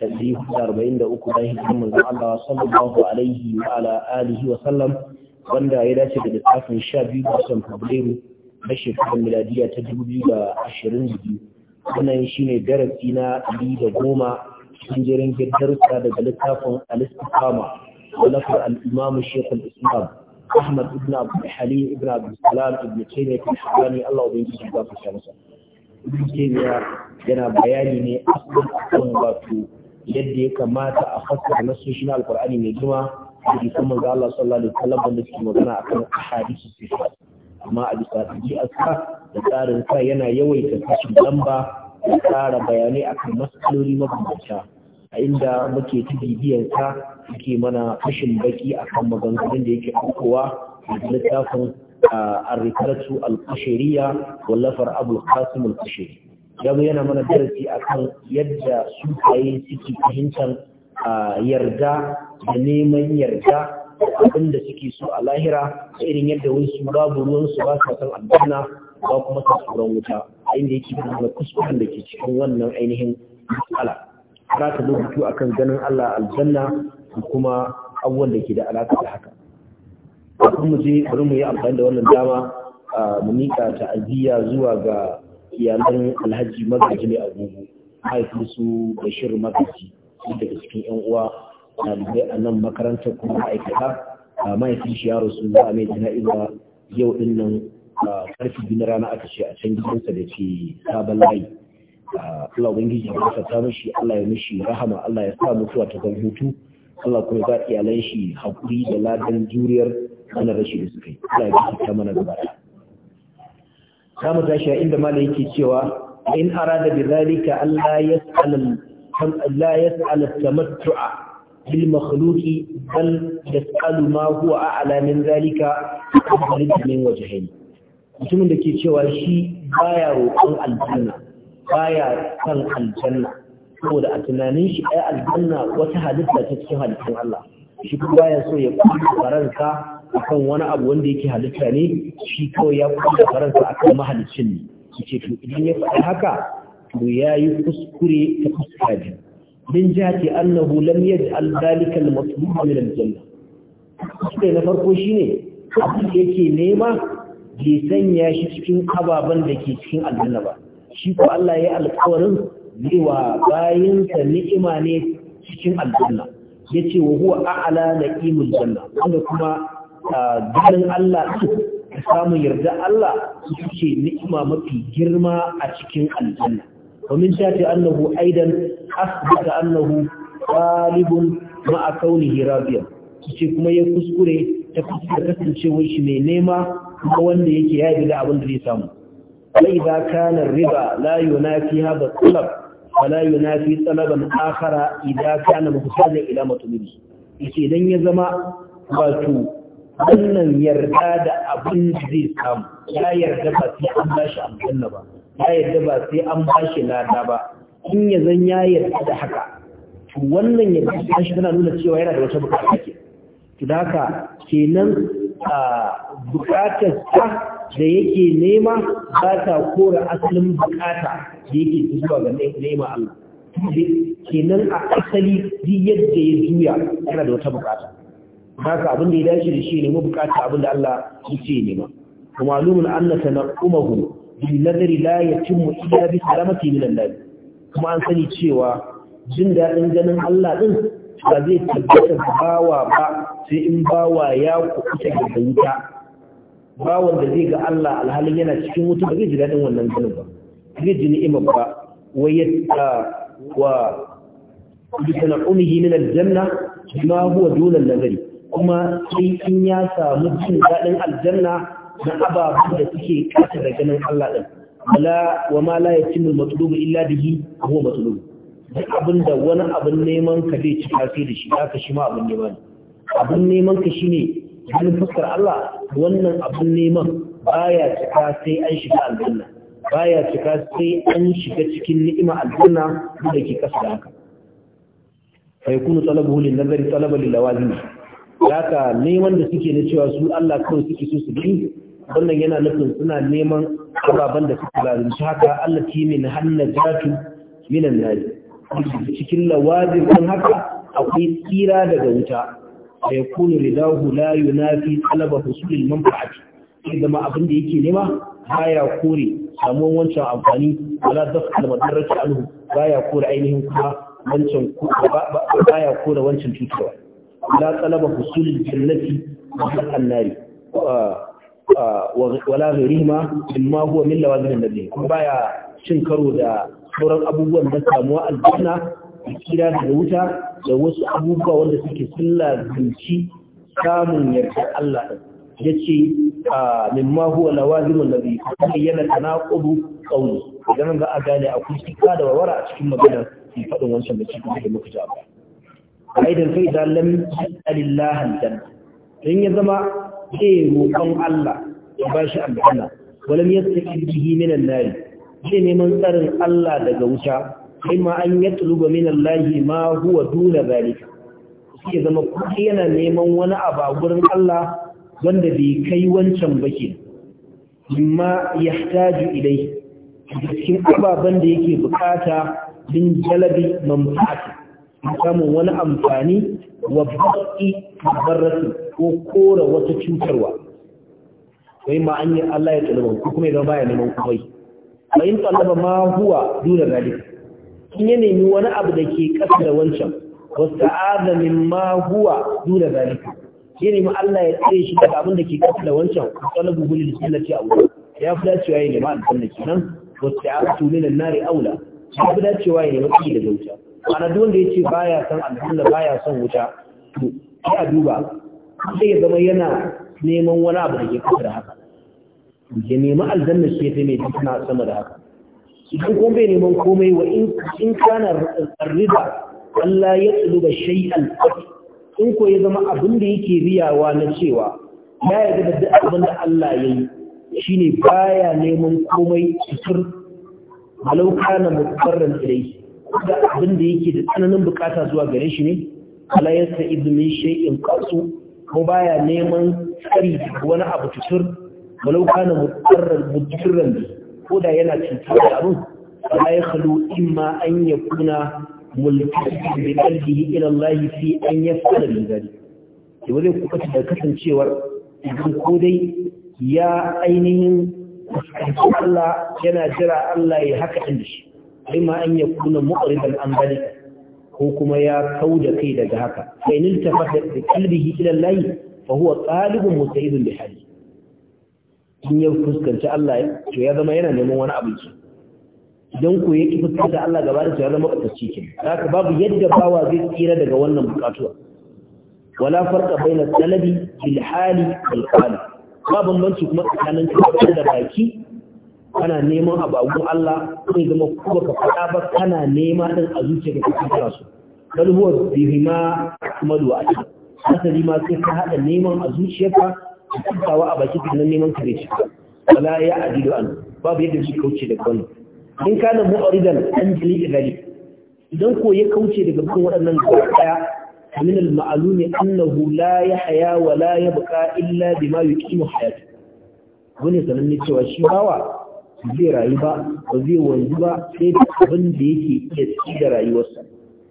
تسليه أربعين دقوق بايه من الله صلى الله عليه وعلى آله وسلم wanda ya dace da littafin sha biyu ga watan Fabrairu na shekarar miladiya ta dubu biyu da ashirin Wannan shi ne darasi na ɗari da goma cikin jerin girgarsa daga littafin Al-Istiqama wallafar al-Imam Islam Ahmad ibn Abdul Halim ibn Abdul Salam ibn Taymiyyah ibn Shabani Allah ubangiji ya gafarta masa. Ibn Taymiyyah yana bayani ne asalin wato yadda ya kamata a fassara nasoshin alkur'ani mai girma da ke kuma ga Allah sallallahu alaihi wasallam wanda suke magana akan ahadisu sifat amma a bisa ɗabi'arsa da tsarin sa yana yawaita kashin lamba da tsara bayanai akan matsaloli mabambanta a inda muke ta bibiyarsa suke mana fashin baki akan maganganun da yake ɗaukowa da littafin الرسالة القشيرية واللفر أبو al القشيري ya yana mana darasi akan yadda sukaye suke fahimtar yarda da neman yarda abin da suke so a lahira da irin yadda wai su babu ruwan su ba su san addana ba kuma su tsoron wuta a inda yake da kuskuren da ke cikin wannan ainihin matsala za ta rubutu akan ganin Allah aljanna da kuma abubuwan da ke da alaƙa da haka kuma mu je bari mu yi amfani da wannan dama mu miƙa ta'aziyya zuwa ga iyalan alhaji magaji ne agogo haifin su bashir magaji daga cikin yan uwa ɗalibai a nan makarantar kuma ma'aikata a mahaifin shi yaro su za a mai jana'iza yau din nan karfi biyu na rana aka ce a can gidansa da ke sabon layi Allah ubangiji ya sa ta mishi Allah ya mishi rahama Allah ya sa mutuwa ta zan hutu Allah kuma ba iyalan shi hakuri da ladan juriyar wannan rashi da suka yi Allah ya kike ta mana gaba zamu tashi a inda malai yake cewa in arada bidhalika alla yas'al la yas'al at-tamattu'a bil makhluqi bal yas'alu ma huwa a'la min dhalika min wajhayn mutumin da ke cewa shi baya roƙon aljanna baya kan aljanna saboda a tunanin shi ai aljanna wata halitta ta cikin halittun Allah shi kuma baya so ya kuma faranka akan wani abu wanda yake halitta ne shi kawai ya kuma faransa akan mahalicin ne yace to idan ya faɗi haka to yayi kuskure ta fuska biyu min jati annahu lam yaj'al da al-matlub min al-janna kuskure na farko shine abin da yake nema bai sanya shi cikin ababen da ke cikin aljanna ba shi ko Allah ya alƙawarin zai wa sa ni'ima ne cikin aljanna yace wa huwa a'la na'imul janna wanda kuma ganin Allah samu yarda Allah su ni'ima mafi girma a cikin aljanna domin ta ce annahu aidan asbata annahu qalibun ma'a hira rabiya su ce kuma ya kuskure ta fuskar kasancewar shi mai nema kuma wanda yake ya yi da abin da zai samu wai idza kana riba la yunafi hada talab wala yunafi talaban akhara idan kana muhtajan ila matubi yace idan ya zama wato wannan yarda da abin da zai samu ya yarda ba sai an shi aljanna ba ya yarda ba sai an bashi lada ba in ya zan ya yarda da haka to wannan yarda da shi tana nuna cewa yana da wata bukata ke to da haka kenan a bukatar ta da yake nema ba ta kora asalin bukata da yake zuwa ga nema Allah kenan a asali duk yadda ya juya yana da wata bukata haka abin da ya dace da shi ne mu bukata abin da Allah yake nema kuma lumun anna tanaqumahu bil nadri la yatimmu illa bi salamati min Allah kuma an sani cewa jin dadin ganin Allah din ba zai tabbata bawa ba sai in bawa ya kuta da wuta bawan da zai ga Allah alhalin yana cikin wuta ba zai ji dadin wannan ganin ba zai ji ni'ima ba wayata ah, wa bi tanaqumihi min aljanna ma huwa duna nazari kuma sai in ya samu cin daɗin aljanna na ababen da suke ƙasa da ganin Allah ɗin wala wa ma la yatimul matlubu illa bihi huwa matlub duk abin da wani abin neman ka zai ci kafi da shi haka shi ma abin neman abin neman ka shine wani fuskar Allah wannan abin neman baya cika sai an shiga aljanna baya cika sai an shiga cikin ni'ima aljanna da ke kasa da haka fa yakunu talabuhu lin nazari talaba lil lawazim haka neman da suke na cewa su Allah kawai suke so su bi wannan yana nufin suna neman ababen da suka zalunci haka Allah ki min hanna jatu minan nari cikin lawazin kan haka akwai tsira daga wuta da ya kunu ridahu na fi talaba man manfa'ati sai zama abin da yake nema baya kore samuwan wancan amfani wala dafa alhu ba baya kore ainihin kuma wancan baya kore wancan cutarwa la talaba husul jannati wa haqqan nari wala ghairihima mimma huwa min lawazin annabi kuma baya cin karo da sauran abubuwan da samuwa aljanna kira da wuta da wasu abubuwa wanda suke sulla zinci samun yarda Allah ya ce a mimma huwa lawazimun nabi kuma yana tanaqudu qawli idan ga a gane akwai shika da wawara a cikin maganar faɗin wancan da cikin da muka ji aidan kai da lam al aljanna in ya zama zai roƙon Allah ya bashi aljanna walam yastaqi bihi min an-nar zai neman tsarin Allah daga wuta sai ma an yatluba min Allah ma huwa duna zalika sai zama ku yana neman wani abu gurin Allah wanda bai kai wancan ba ke amma yahtaju ilai cikin ababen da yake bukata din jalabi manfaati samun wani amfani wa baki barrasi ko kora wata cutarwa sai ma an yi Allah ya talaba ku kuma idan baya neman komai fa in talaba ma huwa duna zalik kin ya nemi wani abu da ke kasa da wancan wasta'adha mimma huwa duna zalik ya nemi Allah ya tsare shi daga abin da ke kasa da wancan talabu gulil sallati aula ya fi dacewa ya nemi aljanna kenan wasta'adha min an-nari aula ya fi dacewa ya nemi tsari daga wancan ana duk wanda yace baya son alhamdulillah baya son wuta to sai a duba sai ya zama yana neman wani abu da ke kasa da haka ya nemi aljanna shi ta mai tana sama da haka idan kuma bai neman komai wa in kana rida Allah ya tsuluba shay'an in ko ya zama abin da yake riyawa na cewa ya yi da duk abin da Allah ya yi shine baya neman komai cikin malauka na mutarran ilayhi da abin da yake da tsananin bukata zuwa gare shi ne ala yasta izmin shay'in qasu ko baya neman tsari wani abu tutur walau kana mutarran mutarran ko da yana cutar da abin ala in imma an yakuna mulkin bi qalbihi ila Allah fi an yafala min zalik to zai kuka da kasancewar idan ko dai ya ainihin Allah yana jira Allah ya haka inda shi ima an ya kuna mu'riban an zalika ko kuma ya kauda kai daga haka fa in iltafa bi qalbihi ila Allah fa huwa talibun bi hali in ya fuskanci Allah to ya zama yana neman wani abinci idan ku yake fuskanta Allah gaba da ya zama katacci kin haka babu yadda bawa zai tsira daga wannan bukatuwa wala farqa baina talabi bil hali wal qalb ba bambanci kuma tsakanin da baki kana neman abu a gun Allah zai zama ko baka faɗa ba kana nema din a zuciya ka kira su bal huwa bihima malu wa ajal asali ma sai ka hada neman a zuciyarka ka tsawa a baki nan neman kare shi wala ya ajidu an babu yadda shi kauce daga wannan in kana mu'ridan an jili idali idan ko ya kauce daga bugun waɗannan gaba daya min al-ma'lum annahu la yahya wa la yabqa illa bima yuqimu hayatu wani sananne cewa shi bawa zai rayu ba ba zai wanzu ba sai da abin da yake iya ci da rayuwarsa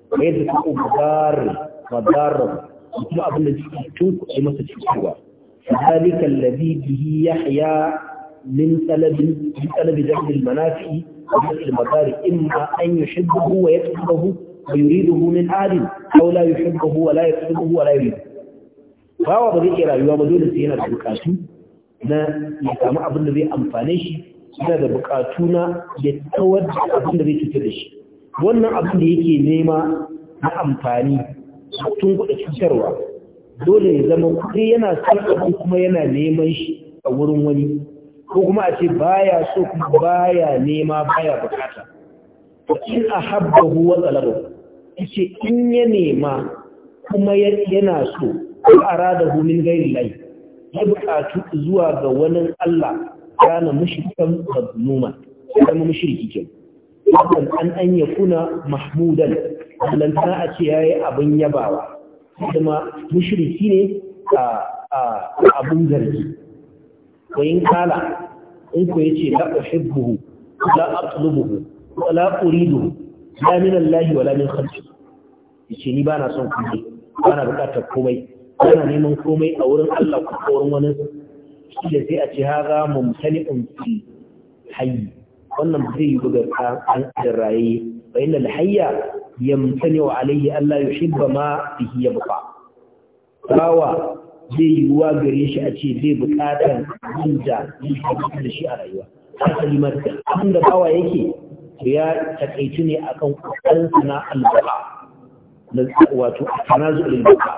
kamar yadda ta ubar madarar kuma abin da suke tun kuɗi masa cikiwa. ذلك الذي به يحيى من طلب من طلب جلب المنافع وجلب المضار إما أن يحبه ويكتبه ويريده من عاد أو لا يحبه ولا يكتبه ولا يريده bawa ba zai iya rayuwa ba dole sai yana da bukatu na ya samu abin da zai amfane shi yana da bukatu na ya kawar da abin da zai cutar da shi wannan abin da yake nema na amfani tun kuɗa cutarwa dole ya zama kuɗi yana son abu kuma yana neman shi a wurin wani ko kuma a ce baya so kuma baya nema baya bukata in a habba huwa Ya ce in ya nema kuma yana so ko a rada hu min gairi lai ya bukatu zuwa ga wani Allah kana mushrikan mazmuma kuma mushriki ke wannan an an yakuna mahmudan lan ta a ce yayi abin yabawa kuma mushriki ne a abun zargi wa in kala in ko yace la uhibbuhu la atlubuhu la uridu la min Allah wala min khalqi yace ni bana son komai bana bukatar komai bana neman komai a wurin Allah ko wurin wani kila sai a ce haza mumtali'un fi hayy wannan zai yi buga an raye fa inna al-hayya yamtani'u alayhi Allah yuhibba ma bihi yabqa bawa zai yi wa gare shi a ce zai bukatar inda yake da shi a rayuwa da ma da bawa yake ya takaitu ne akan kokarinsa na albaqa wato tanazu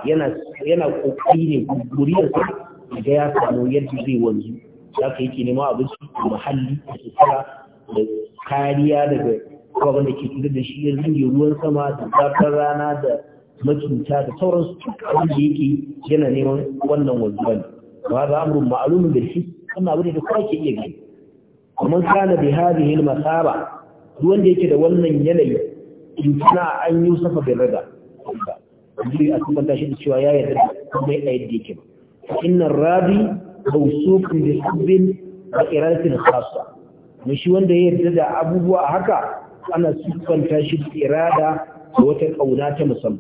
yana yana kokari ne guriyarsa ga ya samu yadda zai wanzu za ka yake nema abinci muhalli da sutura da kariya daga ababen da ke cutar da shi ya ringe ruwan sama da zafin rana da macuta da sauransu duk abin da yake yana neman wannan ba ne ba za a ma'alumin da shi wannan abin da kuma ke iya gani kuma kana bi hadhihi al-masaba da wanda yake da wannan yanayi in kana an yusufa bil rida ji a cikin tashi da cewa ya yarda kuma a yadda yake ba فإن الرابي موثوق بحب وإرادة خاصة مشي ده يبتدى أبوه هكا أنا سكن تاشد إرادة وتقونات مصمم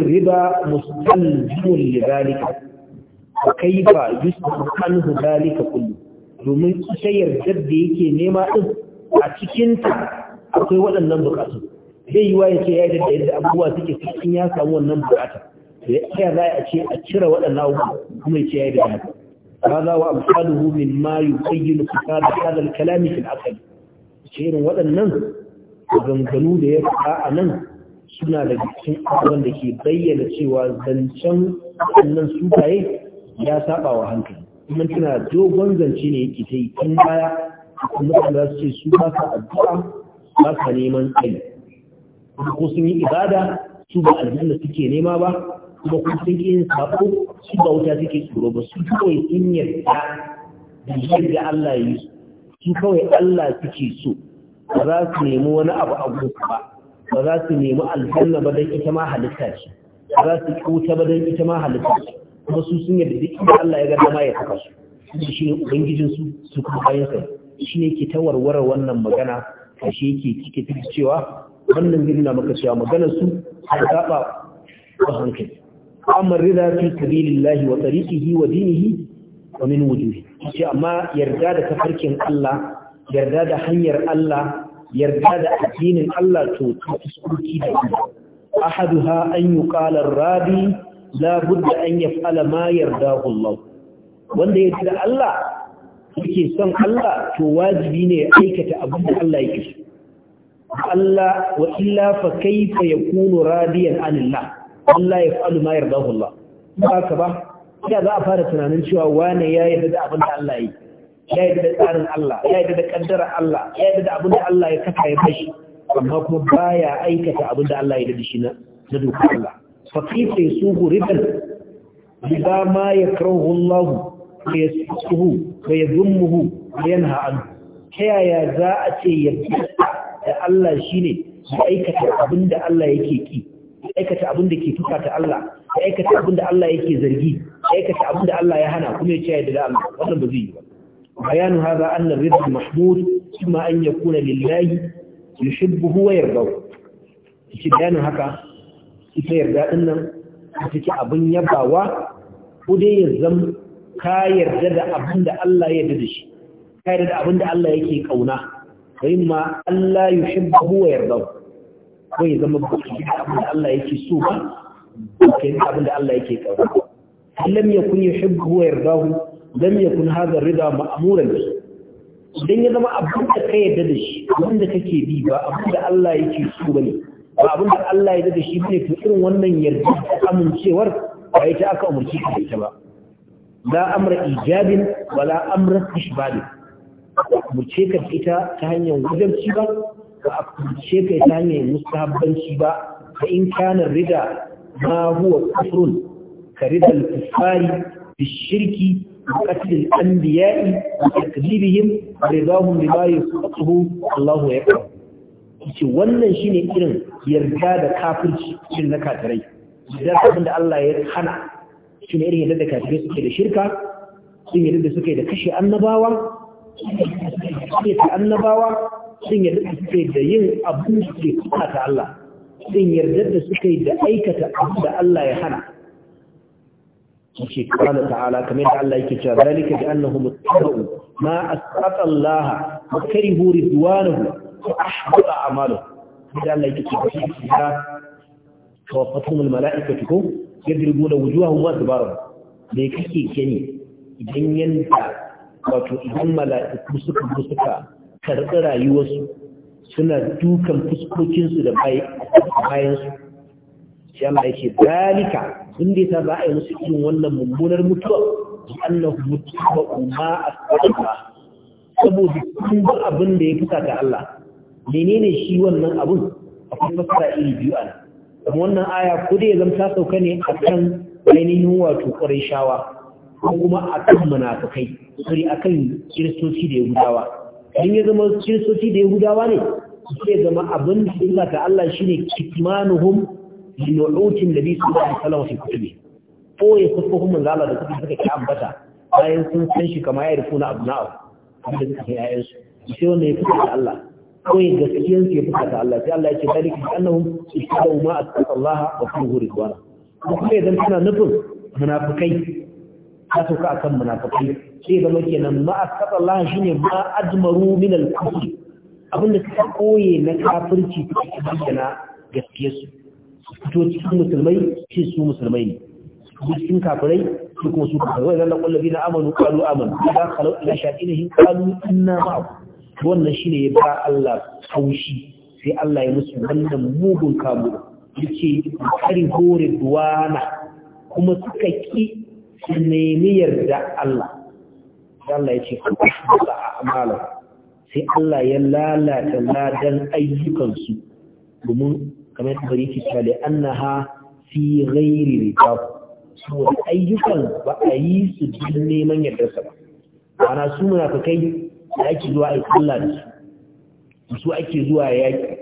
الربا مستلزم لذلك وكيف يسلم عنه ذلك كله domin sayar da yake nema din a cikinta akwai waɗannan bukatu zai yi wa ya ce ya yi da yadda abubuwa suke cikin ya samu wannan buƙatar to ya tsaya za a ce a cire waɗannan abubuwa kuma ya ce ya yi da haka هذا وأمثاله مما يبين فساد هذا الكلام في العقل شيء waɗannan maganganu da ya faɗa a nan suna da cikin abubuwan da ke bayyana cewa zancen wannan sutaye ya saba wa hankali kuma tana dogon zance ne yake ta yi tun baya kuma mutane za su ce su ba ka addu'a ba ka neman tsayi ko sun yi ibada su ba aljanna suke nema ba kuma kun sun ƙi yin sako su bauta suke tsoro ba su kawai in yarda da yadda Allah ya yi su su kawai Allah suke so ba za su nemi wani abu a gusa ba ba za su nemi aljanna ba don ita ma halitta ce ba za su kyauta ba don ita ma halitta ce kuma su sun yarda duk inda Allah ya ga dama ya saka su shi shi ne ubangijin su su kuma sa shi ne ke tawarware wannan magana a shi yake cike cewa wannan zai nuna maka cewa maganar su a zaɓa ba hankali amma rida fi sabilillahi wa tariqihi wa dinihi wa min wujuhi ce amma yarda da tafarkin Allah yarda da hanyar Allah yarda da addinin Allah to ta fuskoki da ahaduha an yuqala rabi la budda an yaf'ala ma yardahu Allah wanda yake da Allah yake son Allah to wajibi ne ya aikata abin da Allah yake so Allah wa illa fa kaifa yakunu radiyan anillah Allah ya fa'alu ma yardahu Allah ba ka ba ya za a fara tunanin cewa wane ya yarda da abin da Allah yi ya yarda da tsarin Allah ya yarda da ƙaddara Allah ya yarda da abin da Allah ya kafa ya bashi amma kuma ba ya aikata abin da Allah ya da shi na dokar Allah fa kayfa yasuhu riban riba ma yakrahu Allah wa yasuhu wa yadhmuhu wa yanha ha'adu. ta yaya za a ce yarda da Allah shi ne shine aikata abin da Allah yake ki aikata abin da ke tuka ta Allah ya aikata abin da Allah yake zargi ya aikata abin da Allah ya hana kuma ya ce ya da Allah wannan ba zai yi ba بيان Mahmud, kuma an المحمود Lillahi, أن يكون Yarda, يحبه ويرضاه بيان haka ita yarda din nan a cikin abin yabawa ko dai ya zam ka yarda da abin da Allah ya dade shi ka yarda da abin da Allah yake kauna kai ma Allah yushibbu wa yarda ko ya zama ba ka yi abin da Allah yake so ba ba abin da Allah yake ƙauna ba lam yakun yuhibbu wa yardahu lam yakun hadha rida ma'muran bihi idan ya zama abin da ka yarda da shi wanda da kake bi ba abin da Allah yake so bane ba abin da Allah ya da shi bane to irin wannan yarda amincewar ba ita aka umurci ka ita ba la amra ijabin wala amra Mu ce ka ita ta hanyar wajabci ba ba a ka yi ta hanyar mustahabbanci ba fa in kana rida ma huwa kusurun. ka rida al da shirki wa qatl an anbiyai wa takdibihim wa ridahum bima yasqutuhu Allah ya yarda ce wannan shi ne irin yarda da kafirci cikin na kafirai da abin da Allah ya hana shi ne irin yarda da kafirai suke da shirka sun yarda da suke da kashe annabawa suke da annabawa sun yarda da suka yi da yin abin da suke kuka ta Allah sun yarda da suka yi da aikata abin da Allah ya hana shi kwana ta'ala kamar da Allah yake cewa zalika bi annahum ittaba'u ma asqata Allah wa karihu ridwanahu wa ahbata amalu da Allah yake cewa shi da tawaffatuhum almala'ikatu ko yadribuna wujuhahum wa adbarahum da kake kene idan yanda wato idan mala'iku suka suka karɓi rayuwarsu suna dukan fuskokinsu da bayansu shi Allah yake dalika sun da yasa za a yi musu irin wannan mummunar mutuwa annahu mutuwa umma asfalta saboda sun ba abin da ya fi ta Allah menene shi wannan abun akwai fasara iri biyu ana kuma wannan aya ko da ya zama sauka ne a akan ainihin wato ƙwarai shawa ko kuma akan munafukai sori akan kiristoci da ya gudawa. in ya zama kiristoci da yahudawa ne sai zama abin da illa ta Allah shine kitmanuhum li nu'utin nabi sallallahu alaihi wasallam fi kutubi ko ya sako kuma manzo Allah da kuma suka ki ambata bayan sun san shi kamar ya rufuna abna'u wanda suka kai ayan su sai wanda ya fita da Allah ko ya gaskiyan su ya fita da Allah sai Allah ya ce dalika annahum istadaw ma attallaha wa kullu ridwana kuma idan suna nufin munafikai ta sauka a kan munafakai sai zama nan ma a katsallah shi ma admaru min alkufri abinda suka koye na kafirci ta ci bayyana su fito cikin musulmai ce su musulmai ne su cikin kafirai su kuma su kafirai wai zalla kullabi na amanu kalu amanu idan khalau ila shatinihim kalu inna ma'akum wannan shine ya ba Allah haushi sai Allah ya musu wannan mugun kamu yace karin hore duwana kuma suka ki su nemi yarda Allah Allah ya ce ba a amala sai Allah ya lalata ladan ayyukansu domin kamar yadda bari ki tsale annaha fi ghairi rida saboda ayyukan ba a yi su don neman yardarsa ba ana su munafikai da ake zuwa a Allah da su su ake zuwa yaki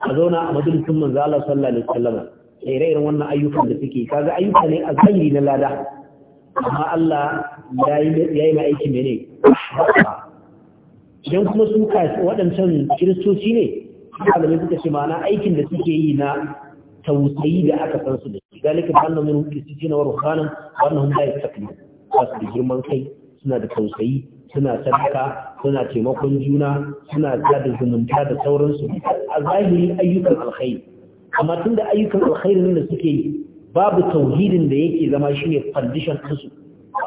a zauna a majalisun manzo Allah sallallahu alaihi wasallam ire irin wannan ayyukan da suke kaga ayyuka ne a zahiri na lada amma Allah ya yi ma aikin mene idan kuma su waɗancan kiristoci ne malamai suka ce ma'ana aikin da suke yi na tausayi da aka san su da shi galika ba annan mun kiristoci na waru kanan wannan hun bayan sakli ba su da girman kai suna da tausayi suna sadaka suna taimakon juna suna da zumunta da sauransu a zahiri ayyukan alkhairi amma tun da ayyukan alkhairi ne da suke yi babu tauhidin da yake zama shine condition din su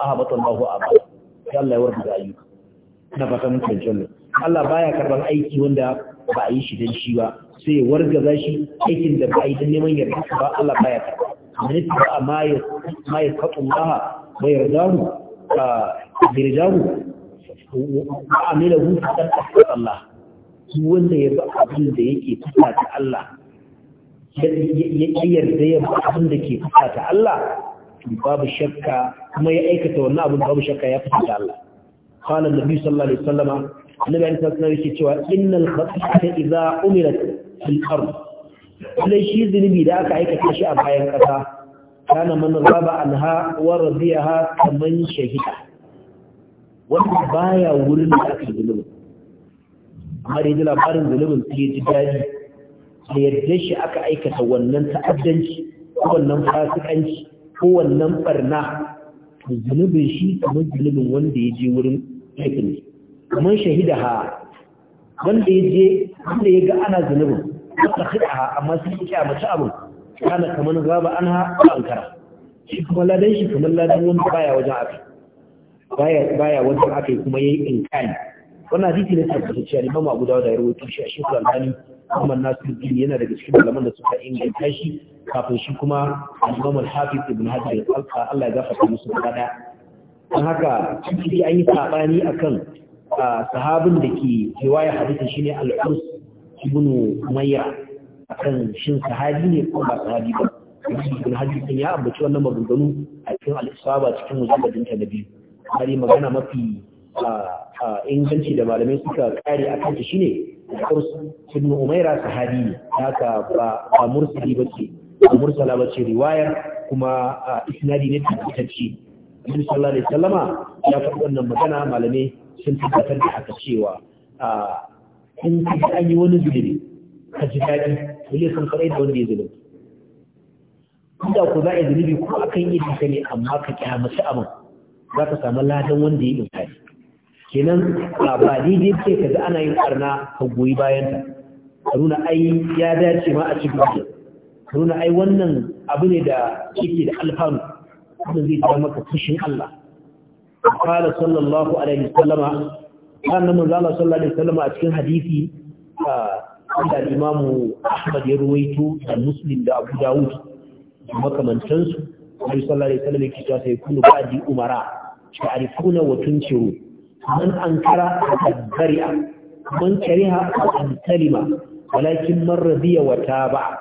ahabata Allahu abada sai Allah ya warda ayyuka na fatan mutuncin Allah baya karban aiki wanda ba a yi shi dan shi ba sai ya wargaza shi aikin da ba a yi don neman yarda ba Allah baya karba minit ba ma ya ma ya fatu Allah ba yardahu ba yardahu ba amilahu fadan Allah wanda ya ba abin da yake fita ta Allah ya yarda ya ba abin da ke fusata Allah babu shakka kuma ya aikata wannan abin babu shakka ya fusata Allah qala annabi sallallahu alaihi wasallama annabi an tsara yake cewa innal khati'ata idza umirat fil ard lai shi zunubi da aka aikata shi a bayan kasa kana man raba anha wa radiyaha kaman shahida wanda baya wurin da aka zunubi amma da labarin zunubin sai ya ji daji da yadda shi aka aikata wannan ta'addanci ko wannan fasikanci ko wannan barna to zunubin shi kamar zunubin wanda ya je wurin aikin ne kamar shahida ha wanda ya je wanda ya ga ana zunubin wanda hida ha amma sun yi kyamaci abin kana kamar gaba an ha a ankara shi kuma ladan shi kamar ladan wanda baya wajen aka baya wajen aka kuma ya yi inkani wannan hadisi ne sai da cewa Imam Abu Dawud ya rawaito shi a Sheikh Al-Albani kuma Nasiruddin yana daga cikin malaman da suka inganta shi kafin shi kuma Imam Al-Hafiz Ibn Hajar al Allah ya gafarta musu gaba An haka shi an yi sabani akan sahabin da ke riwaya hadisi shine Al-Urs Ibn Umayya akan shin sahabi ne ko ba sahabi ba Ibn Hajar ya ambaci wannan maganganu a cikin Al-Isaba cikin mujallad ta na biyu har magana mafi inganci da malamai suka kare a kanta shine kurs ibn umaira sahabi ne haka ba ba mursali bace ba mursala ce riwayar kuma isnadi ne tabbatacce ibn sallallahu alaihi sallama ya faɗi wannan magana malamai sun tabbatar da haka cewa in ka an yi wani zunubi ka ji daɗi wani san kaɗai da wanda ya zunubi inda ku za a yi zunubi ko akan yi duka ne amma ka kyamata abin za ka samu ladan wanda ya ɗauka kenan ba daidai ce ka ga ana yin karna ka goyi bayanta runa ai ya dace ma a cikin ke ai wannan abu ne da ciki da alfanu wannan zai zama maka fushin Allah qala sallallahu alaihi wasallama kan nan manzo Allah a cikin hadisi Ahmad ya ruwaito da Muslim da Abu Dawud makamantansu Allah sallallahu alaihi wasallama ya kisa sai kullu ba'di umara ta'rifuna wa tunciru من أنكر تبرع من كره أن سلم ولكن من رضي وتابع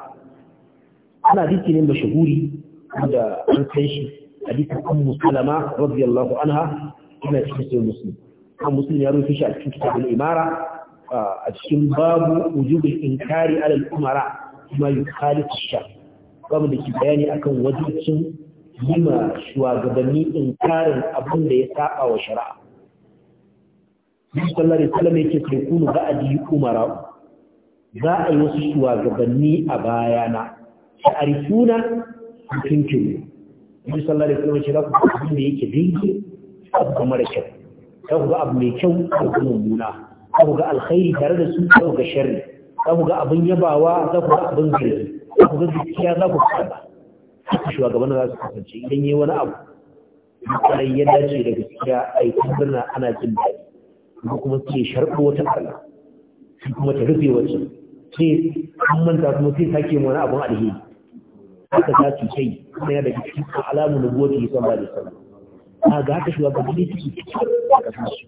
أنا ذكي من مشهوري عند أن تنشي حديث أم سلمة رضي الله عنها كما تحسن المسلم أم مسلم يروي في شأن كتاب الإمارة أجسم باب وجوب الإنكار على الأمراء ما يخالف الشر قام لكي بياني أكون وجود يما شواغبني إنكار أبن ليساء وشرع bi sallallahu alaihi wasallam yake sai kunu ba'di umara za a yi wasu shugabanni a bayana sha'arifuna tunkiru bi sallallahu alaihi wasallam ce za ku abin da yake daidai abu ga mara kyau za ku ga abu mai kyau a ga mummuna za ku ga alkhairi tare da su za ku ga sharri za ku ga abin yabawa za ku ga abin zargi za ku ga gaskiya za ku karba haka shugaban za su kasance idan yi wani abu misalai ya dace da gaskiya a yi ana jin daɗi ko kuma ce sharɓo wata ala sai kuma ta rufe wacce sai an manta kuma sai sake wani abun alheri haka za su sai kuma yana da cikin alamu na buwa ya sama da sama a ga haka shi suke a ƙasar su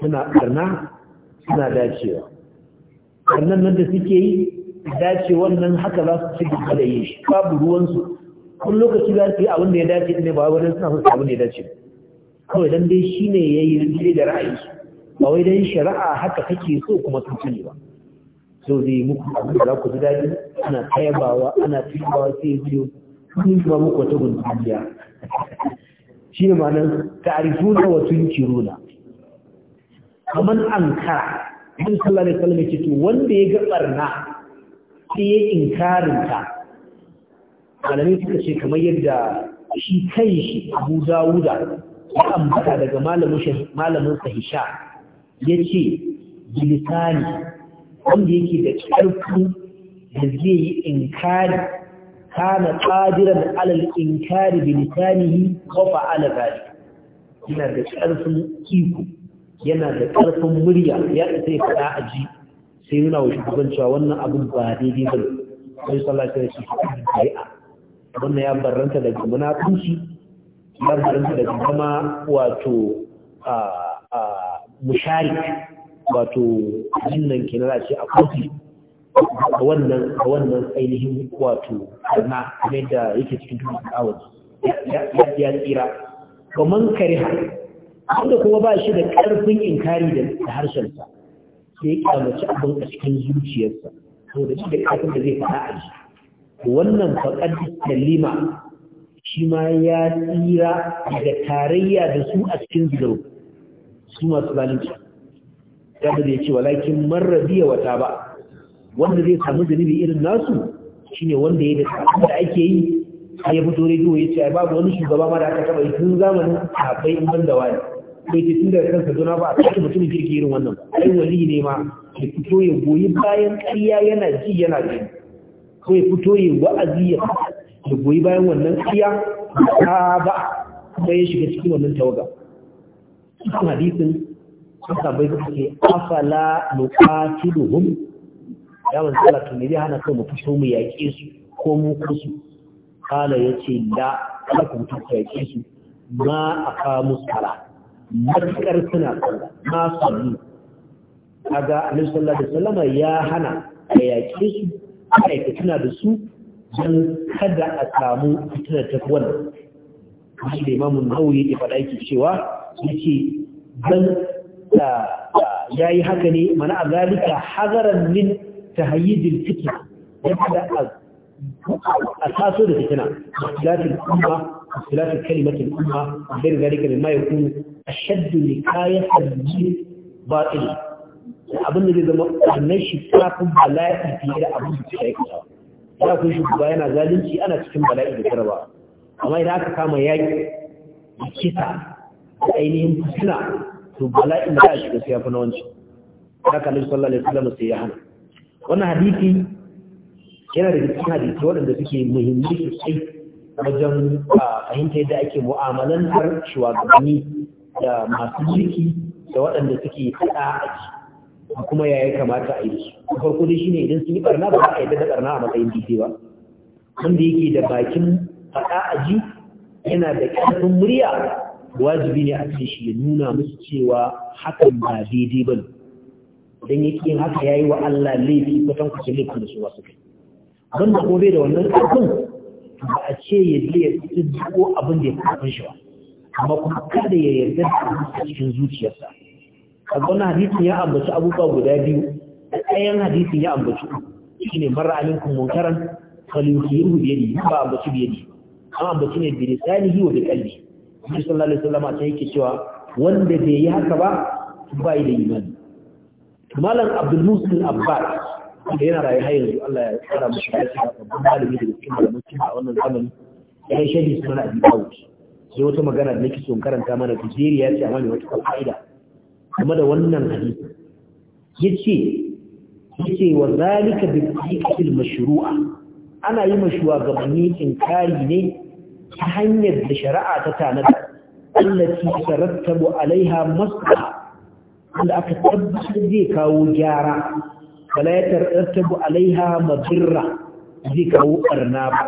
suna ƙarna suna dacewa ƙarnan nan da suke yi dace wannan haka za su ci gaba da yi shi babu ruwansu kun lokaci za su yi abin da ya dace ne ba wajen suna son abin da ya dace kawai dan dai shi ne ya yi da ra'ayi ba wai dai shari'a haka kake so kuma sun sani ba so zai muku abin da za ku ji daɗi ana tayabawa ana tayabawa sai biyo yi ba muku wata gundumiya shi ne ma'anar ta'arifuna wa Kamar an ankara Nabi sallallahu alaihi wasallam yake to wanda ya ga barna sai ya inkarinta malamai suka ce kamar yadda shi kai shi Abu Dawuda ya ambata daga malamin sahisha ya ce bilisani wanda yake da ƙarfi da zai yi inkari kana tsadiran alal inkari bilisanihi wa kofa zalika yana da ƙarfin iko yana da ƙarfin murya ya isa ya faɗa a ji sai yana wa shugaban wannan abin ba daidai ba ne sai sallah sai shi bai'a wannan ya barranta daga munafunci ya barranta daga zama wato ah, musharik wato jinnan ke na ce a kofi wannan a wannan ainihin wato na kuma yadda yake cikin tunan awon ya tsira Kamar kare, kariha wanda kuma ba shi da ƙarfin inkari da harshensa sai ya kyamaci abin a cikin zuciyarsa da shi da kafin da zai faɗa a ji wannan faƙar kalima shi ma ya tsira daga tarayya da su a cikin zuciyarsa su masu zalunci ya da ya ce walakin marradiya wata ba wanda zai samu zunubi irin nasu shine wanda ya da da ake yi ya fito rediyo ya ce babu wani shugaba ma da aka taba yi tun zamanin kafai in banda wani bai ce tun daga kansa zona ba a cikin mutumin kirki irin wannan ai wali ne ma ya fito ya goyi bayan ƙarya yana ji yana ji ko ya fito ya wa'azi ya goyi bayan wannan ƙarya ta ba kuma ya shiga cikin wannan tawaga cikin hadisin suka bai suka ce afala nuqatiluhum ya manzo Allah to me zai hana kai mu so mu yaƙe su ko mu kusu kala yace da kala ku mutu ta yaƙe su ma aqamu sala matkar suna sallah ma sallu kaga Annabi sallallahu alaihi wasallam ya hana ka yaƙe su kai ka tuna da su dan kada a samu fitar ta wannan shi da Imam nauyi ya faɗa yake cewa yake bal da yayi haka ne mana azalika hazaran min tahayyidil fitna yadda a taso da fitina ikhtilafil umma ikhtilafil kalimatil umma bayar zalika mimma yakunu ashaddu likayatan min batil abin da zai zama wannan shi kafin bala'i fiye da abin da ya aikata ya kun shugaba yana zalunci ana cikin bala'i da tarba amma idan aka kama yaƙi da kisa da ainihin fitina to bala'in da ya a shiga sai fana na wancan haka nabi sallallahu alaihi wasallam sai ya hana wannan hadisi yana da cikin hadisi waɗanda suke muhimmi sosai wajen fahimta yadda ake mu'amalantar shugabanni da masu jiki da waɗanda suke faɗa a ji kuma yaya kamata a yi su farko dai shine idan sun yi barna ba za a yadda da barna a matsayin dide ba wanda yake da bakin faɗa a ji yana da ƙarfin murya wajibi ne a cikin shi ya nuna musu cewa hakan ba daidai ba ne don yake haka ya yi wa Allah laifi kwatan kusa laifin da su wasu kai don da kuma bai da wannan ƙarfin ba a ce ya je ya fi ko abin da ya kafin shi ba amma kuma kada ya yarda da a cikin zuciyarsa a wannan hadisin ya ambaci abubuwa guda biyu a ɗayan hadisin ya ambaci ne mara aminkum munkaran falyusiru biyadi ba ambaci biyadi an ambaci ne bi lisanihi wa bi qalbihi Nabi sallallahu alaihi wasallam sai yake cewa wanda bai yi haka ba bai da imani malam Abdul Musin Abbas da yana rayu har yanzu Allah ya tsara mu shi da sabbin malami da cikin malamin a wannan zamani ya yi shadi sunan Abi Dawud sai wata magana da nake son karanta mana ya ce amma ne wata fa'ida Kuma da wannan hadisi yace yace wa zalika bi tariqatil mashru'a ana yi mashuwa gabanni inkari ne ta hanyar da shari'a ta tanada allati tarattabu alaiha maslaha wanda aka tabbatar zai kawo gyara fala ya tarattabu alaiha madirra zai kawo barna ba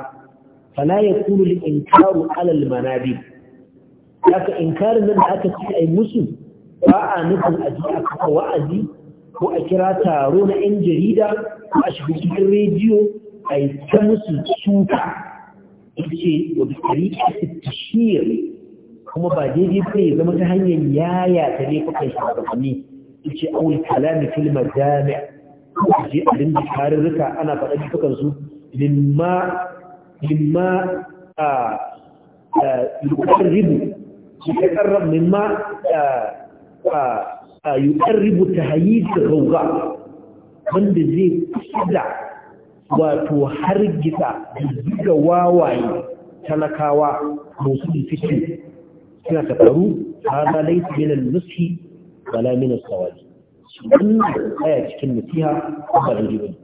fala ya kulu al-inkaru ala al-manabi haka inkarin nan da aka ce ai musu ba a nufin aji a kafa wa'azi ko a kira taro na 'yan jarida ko a shiga rediyo a ta musu suka yace wa bikariya tashir kuma ba daidai ba ne zama ta hanyar yaya ta ne kuka shugabanni yace awul kalami fil majami' je a dinga tarurruka ana faɗa dukan su limma limma a yuqarribu yuqarrab mimma a yuqarribu tahyid rawga wanda zai kusa wato hargitsa ga wawaye talakawa musu fitin suna tafaru hada laifi minal nusi wala minal sawali sun tsaya cikin nasiha ba da jibin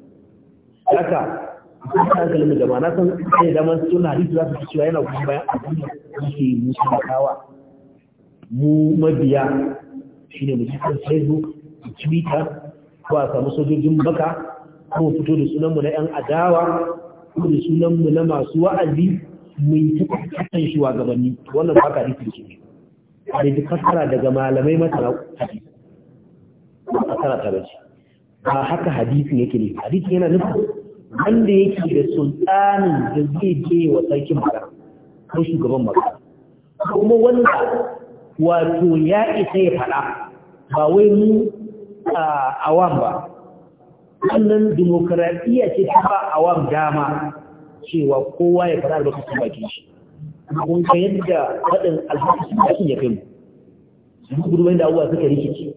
haka sun ta hankalin da na san sai daman suna hadisi za su fi cewa yana kuma bayan abin da suke musu talakawa mu mabiya shine mu cikin facebook twitter ko a samu sojojin baka ko fito da sunanmu na 'yan adawa ko da sunanmu na masu wa'azi mai ta kasan shi gabanni wannan ba ka rikin shi ne a ji kasara daga malamai masana hadisi kasara ta bace ba haka hadisi yake ne hadisi yana nufin wanda yake da sultanin da zai je wa sarkin magana ko shugaban magana kuma wanda wato ya isa ya faɗa ba wai mu a awam ba wannan dimokuraɗiyya ce ta ba a awam dama cewa kowa ya fara lokacin bakin shi kun ka yadda faɗin alhaki ɗakin ya kai mu sun gudu wanda abubuwa suka rikici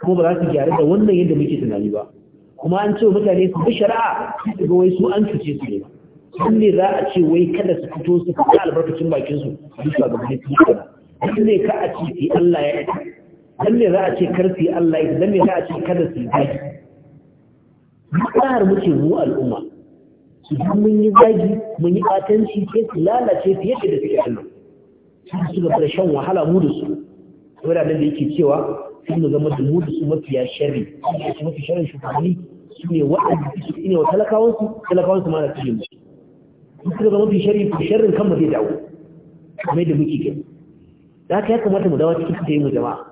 kuma ba za su gyara da wannan yadda muke tunani ba kuma an ce mutane su bi shari'a su ga wai su an cuce su ne sun ne za a ce wai kada su fito su fita albarkacin bakin su su shugabanni su kana ne ka a ce Allah ya dan ne za a ce kar su Allah ya dan ne za a ce kada su yi matsayar muke mu al'umma idan mun yi zagi mun yi atanci, sai su lalace fiye da suke Allah su su ga shan wahala mu da su wanda nan da yake cewa sai mu zama da mu da su mafiya sharri su mafi sharrin shugabanni su ne waɗanda su ne wa talakawansu, talakawansu talakawan su ma na cikin mu su suka zama mafi shari, ko sharrin kanmu zai dawo kamar da muke gani da haka ya kamata mu dawo cikin su mu jama'a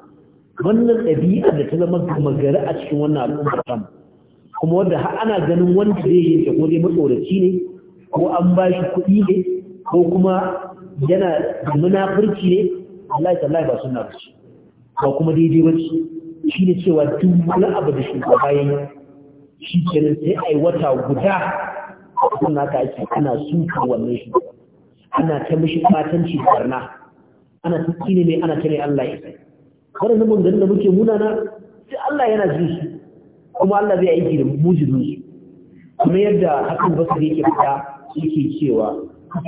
wannan ɗabi'a da ta zama gama gari a cikin wannan al'ummar tamu kuma wanda har ana ganin wanda zai yi ta ko dai matsoraci ne ko an ba shi kuɗi ne ko kuma yana da munafurci ne Allah ya tallahi ba sunna ba ce ba kuma daidai ba ce shi ne cewa duk wani abu da shi ya yi shi nan sai a yi wata guda sun haka ake ana suka wannan shi ana ta mishi fatanci barna ana ta ne mai ana ta Allah ya sai waɗannan mun da muke munana sai Allah yana ji shi kuma Allah zai aiki da mujizun su kuma yadda hakan basu yake fita yake cewa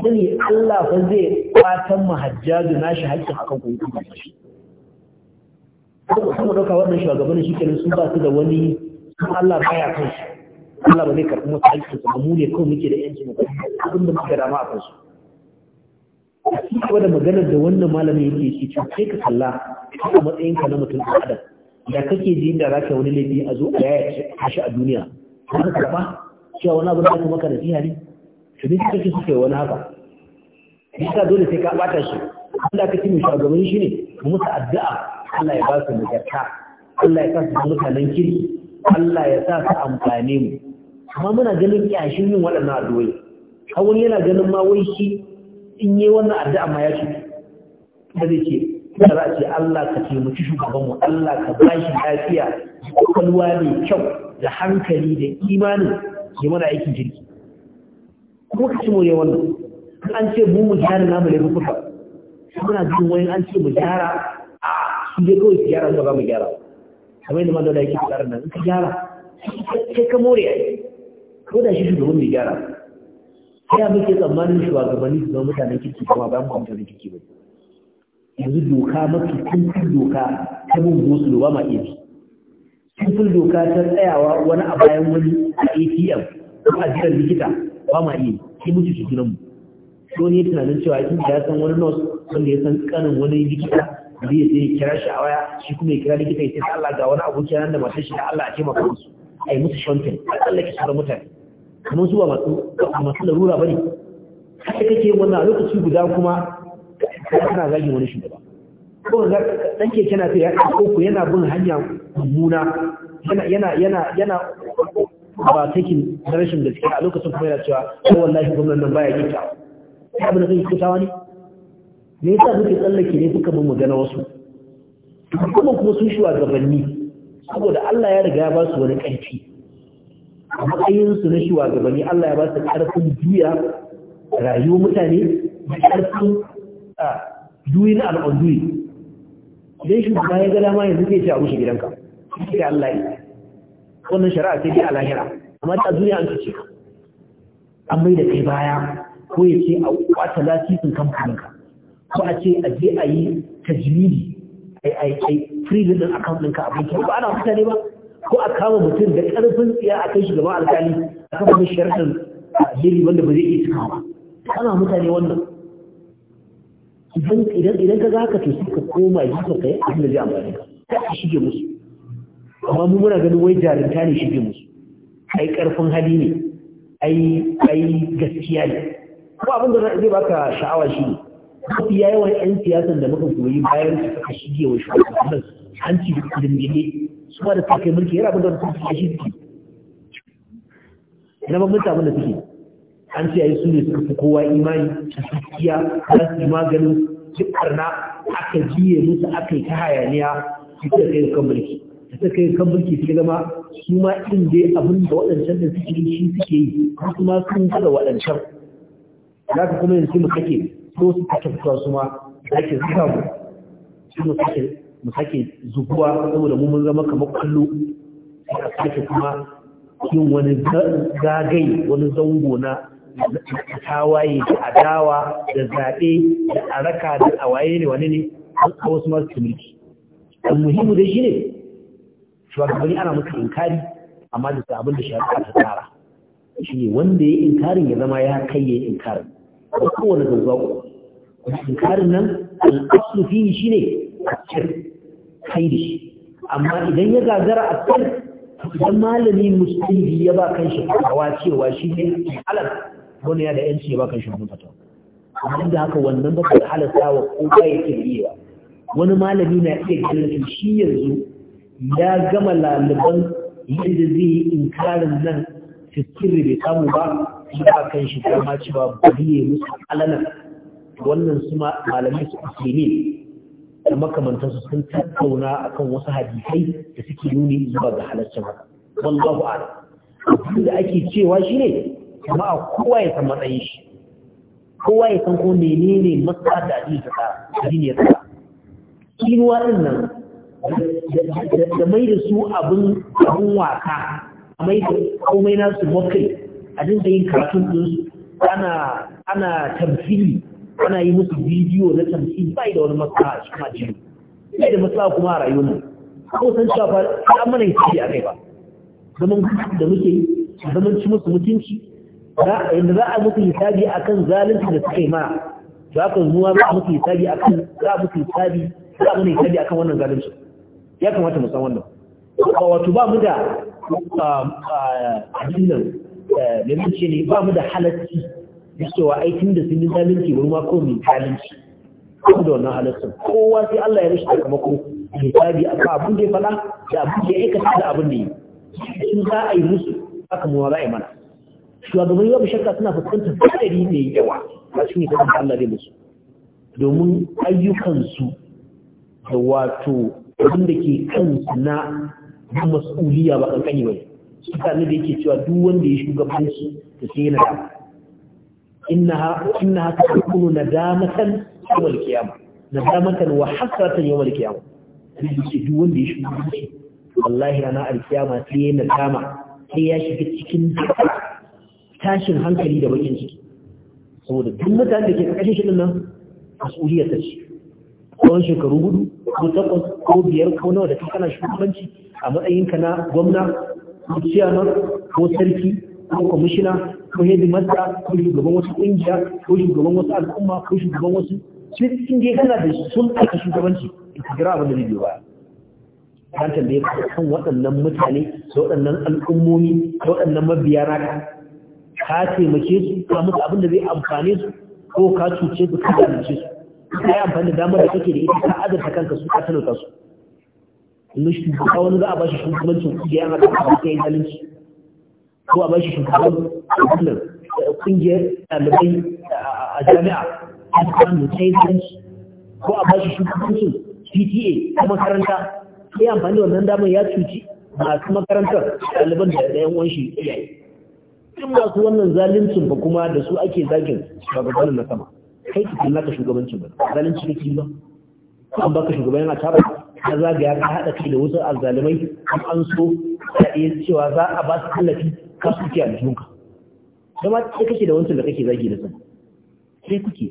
sani Allah ba zai kwatan na nashi hakkin akan kuma shi kuma ɗauka wannan shugabannin shi kenan sun ba su da wani Allah ya kan shi Allah ba zai karɓi masa aikin kuma mu ne kawai muke da yanci mu abin da muka dama a kan su kuma da maganar da wannan malamin yake shi kai ka kalla a matsayinka na mutum ɗan adam da kake ji da ka wani laifi a zo a yaya kashi a duniya har ka ba cewa wani abu da aka maka nasiha ne to dai kake suke wani haka bisa dole sai ka bata shi Allah ka kimi gaban shi ne mu musu addu'a Allah ya ba su nagarta Allah ya sa su mutanen kirki Allah ya sa su amfane mu amma muna ganin kyashin yin waɗannan addu'o'i har wani yana ganin ma wai shi in yi wannan addu'a ma ya ci da zai ce da za a ce Allah ka taimaki shugabanmu Allah ka ba shi lafiya kwakwalwa mai kyau da hankali da imanin ke mana aikin jirgi kuma ka ci more wannan an ce mu mu gyara namu da kuka muna jin wani an ce mu gyara a su dai kawai gyara ba mu gyara kamar yadda madalla yake tsara nan ka gyara sai ka more ai ko da shi shugaban mai gyara sai muke tsammanin shugabanni su zama mutanen kirki kuma bayan mu mutanen kirki ba yanzu doka mafi tuntun doka ta bin gosulo ba ma iya Tuntun doka ta tsayawa wani a bayan wani a atm ko a jiran likita ba ma iya sai mutu su junanmu so ne tunanin cewa tun da ya san wani nurse wanda ya san kanin wani likita zai ya kira shi a waya shi kuma ya kira likita ya sai Allah ga wani abokin nan da matar shi da Allah a taimaka musu a yi musu shontin a tsallake sauran mutane kamar su ba masu larura ba ne haka kake wannan a lokaci guda kuma kana zagin wani shugaba ko ga dan keke na ya ko ku yana bin hanya mummuna yana yana yana yana ba take rashin gaskiya a lokacin kuma yana cewa ko wallahi gwamnatin nan baya ta abu da zai kitawa ne me yasa kuke tsallake ne kuka bin magana wasu kuma kuma sun shi wa gabanni saboda Allah ya riga ya ba su wani ƙarfi a matsayinsu na shi wa gabanni Allah ya ba su ƙarfin juya rayuwar mutane da ƙarfin a na and undoing shi ba ya ga ma yanzu zai ce a rushe gidanka sai Allah yi. wannan shari'a sai dai a lahira amma ta duniya an ce ka an mai da kai baya ko ya ce a kwata lasisin kamfaninka ko a ce a je a yi tajiridi a yi aiki freezing din account ɗinka a banki ba ana mutane ba ko a kama mutum da ƙarfin tsiya a kai shugaban alkali a kan wani a jiri wanda ba zai iya cikawa ana mutane wannan idan idan idan ka ga haka to sai ka koma ka kai abin da zai amfani ka ka shige musu amma mu muna ganin wai jarinta ne shige musu ai karfin hali ne ai ai gaskiya ne ko abin da zai baka sha'awa shi ne ya yawan 'yan siyasan da muka koyi bayan su suka shige wa shugabannin hanci da kudin gine su ba da suka kai mulki yana abin da suka shi suke Na ban mun da suke an ce ai su ne suka fi kowa imani gaskiya za su yi maganin jikarna aka jiye musu aka yi ta hayaniya su ta kai kan mulki da ta kai kan mulki su zama su ma ɗin dai abin da waɗancan da suke yi shi suke yi su ma sun kada waɗancan za ka kuma yanzu mu sake so su sake fitowa su ma sake zuwa mu su mu sake mu sake zuwa saboda mu mun zama kamar kallo sai a sake kuma yin wani zagaye wani zango na da tawaye da adawa da zaɓe da araka da awaye ne wani ne a wasu masu mulki muhimmi da shi ne shugabanni ana musu inkari amma da su abin da shari'a ta tsara shi ne wanda ya inkarin ya zama ya kai ya inkarin ba kowane zanzuwa ko inkarin nan al'asu fi shi ne a cikin kai da shi amma idan ya gagara a cikin idan malami musulmi ya ba kan shi kawa cewa shi ne alal wani ya da yanci ya baka shi hukunta amma da haka wannan ba ka halasta wa ba ya ke ba. wani malami na iya ganin shi yanzu ya gama laliban yadda zai yi inkarin nan fiskirri bai samu ba shi ba kan shi dama cewa bari ya musu alanan wannan su malamai su ne? da makamantarsu sun tattauna akan wasu hadisai da suke nuni zuwa ga ba haka wallahu a'lam abin da ake cewa shi ne jama'a kowa ya san matsayin shi kowa ya san ko menene matsala da addini ta tsara addini ya tsara kinuwa din nan da mai da su abin abin waka mai da komai su mokai a dinga yin karatun din ana ana tamfili ana yi musu bidiyo na tamfili bai da wani matsala a cikin ajiyu. bai da matsala kuma a rayuwar mu ko san cewa ba an mana yi a kai ba zaman da muke zaman ci musu mutunci inda za a musu hisabi kan zalunci da suka yi ma za ka zuwa za a musu hisabi kan za a musu hisabi za a musu hisabi kan wannan zalunci ya kamata mu san wannan wato ba mu da addinin eh, da zuci ne ba mu da halarci da cewa aikin da sun yi zalunci wani mako mai zalunci ko da wannan halarcin kowa sai Allah ya rushe sakamako hisabi a kan abin da ya faɗa da abin da ya aikata da abin da ya yi sun za a yi musu haka mu za a yi mana shugabanni babu shakka suna fuskantar hadari mai yawa a cikin da Allah zai musu domin ayyukansu da wato abin da ke kansu na mas'uliya ba kankani ba suka ne da yake cewa duk wanda ya su da sai yana da innaha na damatan nadamatan yawmal Na damatan wa hasratan yawmal qiyamah duk duk wanda ya su. wallahi ana alkiyama sai yana dama sai ya shiga cikin dukkan tashin hankali da bakin ciki saboda duk mutane da ke ƙarƙashin shirin nan masuliyar ta ce tsawon shekaru hudu ko takwas ko biyar ko nawa da ta kana shugabanci a matsayinka na gwamna ko ciyaman ko sarki ko kwamishina ko hedimasta ko shugaban wasu ƙungiya ko shugaban wasu al'umma ko shugaban wasu cikin je kana da sun aika shugabanci ita jira abin da zai biyo baya kan tambaye kan waɗannan mutane da waɗannan al'ummomi da waɗannan mabiya naka ka taimake su ka musu abin da zai amfane su ko ka cuce su ka zalunce su ka yi amfani da damar da kake da ita ka azurta kanka su ka talauta su inda shi ka wani za a ba shi shugabancin kungiyar da kuma kuma yin zalunci ko a ba shi shugaban wannan eh, kungiyar ɗalibai a jami'a a cikin da ta yi zalunci ko a ba shi shugabancin pta ko makaranta yi amfani da wannan damar ya cuci masu makarantar ɗaliban da yi wanshi iyaye in masu wannan zaluncin ba kuma da su ake zagin shugabannin na sama kai ki kalla ka shugabancin ba zalunci kake ba an baka shugaban yana tara ka zagaya ka haɗa kai da wasu azzalumai an an so ka iya cewa za a ba su tallafi ka su ke a jikinka dama sai kake da wancan da kake zagi da sama sai kuke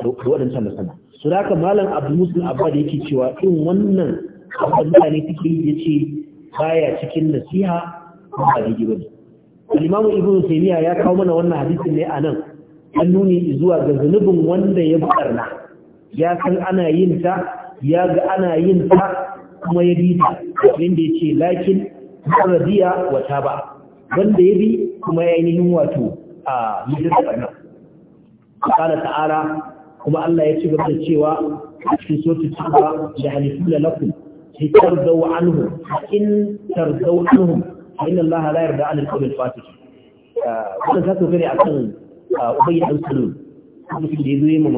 da waɗancan da sama su da haka malam abu musulun abba da yake cewa in wannan abin mutane suke yi ya ce baya cikin nasiha ba da ne al-imamu ibnu ya kawo mana wannan hadisin ne anan an nuni zuwa ga zanubin wanda ya barna ya san ana yin ta ya ga ana yin ta kuma ya bi ta inda yace lakin radiya wa wanda ya bi kuma ya ainihin wato a mutunta barna qala ta'ala kuma Allah ya ci gaba da cewa a cikin sautin cewa da halifu lakum tarzau anhu in tarzau anhu fa inna allaha la yarda an al-qawl al su wannan ne akan ubayy dan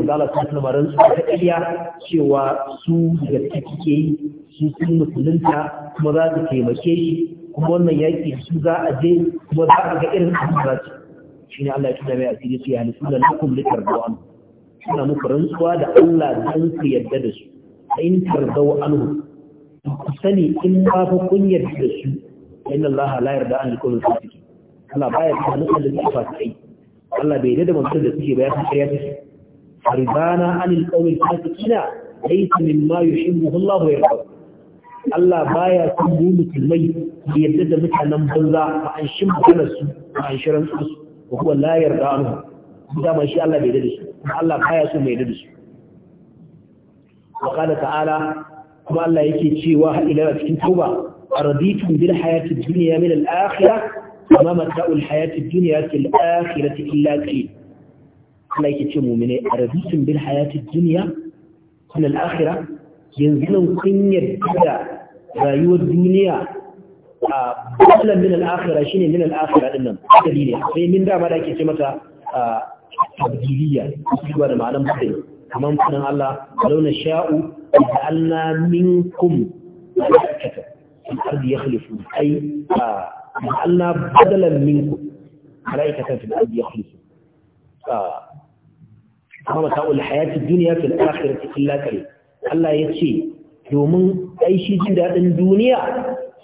da ta tana su ta cewa su da take yi su sun musulunta kuma za su taimake shi kuma wannan yaki su za a je kuma za a ga irin abin ne Allah ya tuna mai asiri su ya halifu da lakum litardaw an suna muku rantsuwa da Allah dan su yadda da su in tardaw anhu ku sani in ba fa kun yadda da su inna Allah la yarda an yakunu fasiki Allah baya yarda da mutane da suke fasiki Allah bai yarda da mutum da suke ba su kariya su ribana anil qawmi fasikina laysa mimma yuhibbuhu Allah wa yarda Allah baya son mu musulmai da yarda da mutanen banza ba an shin maganar su ba an shirin su ko kuma la yarda anhu dama shi Allah bai yarda da su Allah baya so mai yarda su wa qala ta'ala kuma Allah yake cewa ila cikin tuba أرضيتم بالحياة الدنيا من الآخرة وما متاع الحياة الدنيا في الآخرة إلا قليل Allah yake ce mumine a rabitin bil hayati duniya kuma al'akhira yanzu nan kun yadda rayuwar duniya a bakalan min al'akhira shine min al'akhira din nan dalili ne sai min dama da ake ce mata tabdiliya kuma da ma'anar mutum kamar fadin Allah launa sha'u da Allah minkum في الأرض badalan minku جعلنا بدلا منكم ملائكة domin ai jin daɗin duniya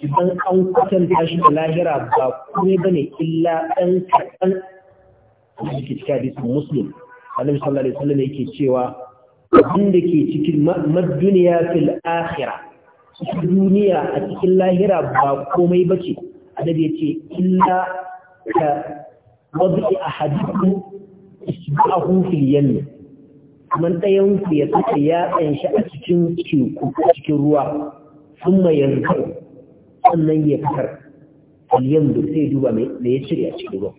idan an kwatanta shi da lahira ba kome ba ne illa ɗan kaɗan da ke cika yake cewa abin da ke cikin maduniya fil akhirah duniya a cikin lahira ba komai ba ce annabi ya ce illa ka wabi a hadisu a fil yammi man tsayan ku ya saka ya tsanshi a cikin teku a cikin ruwa sun mai yanzu sannan ya fitar aliyan da sai duba mai ya cire a cikin ruwa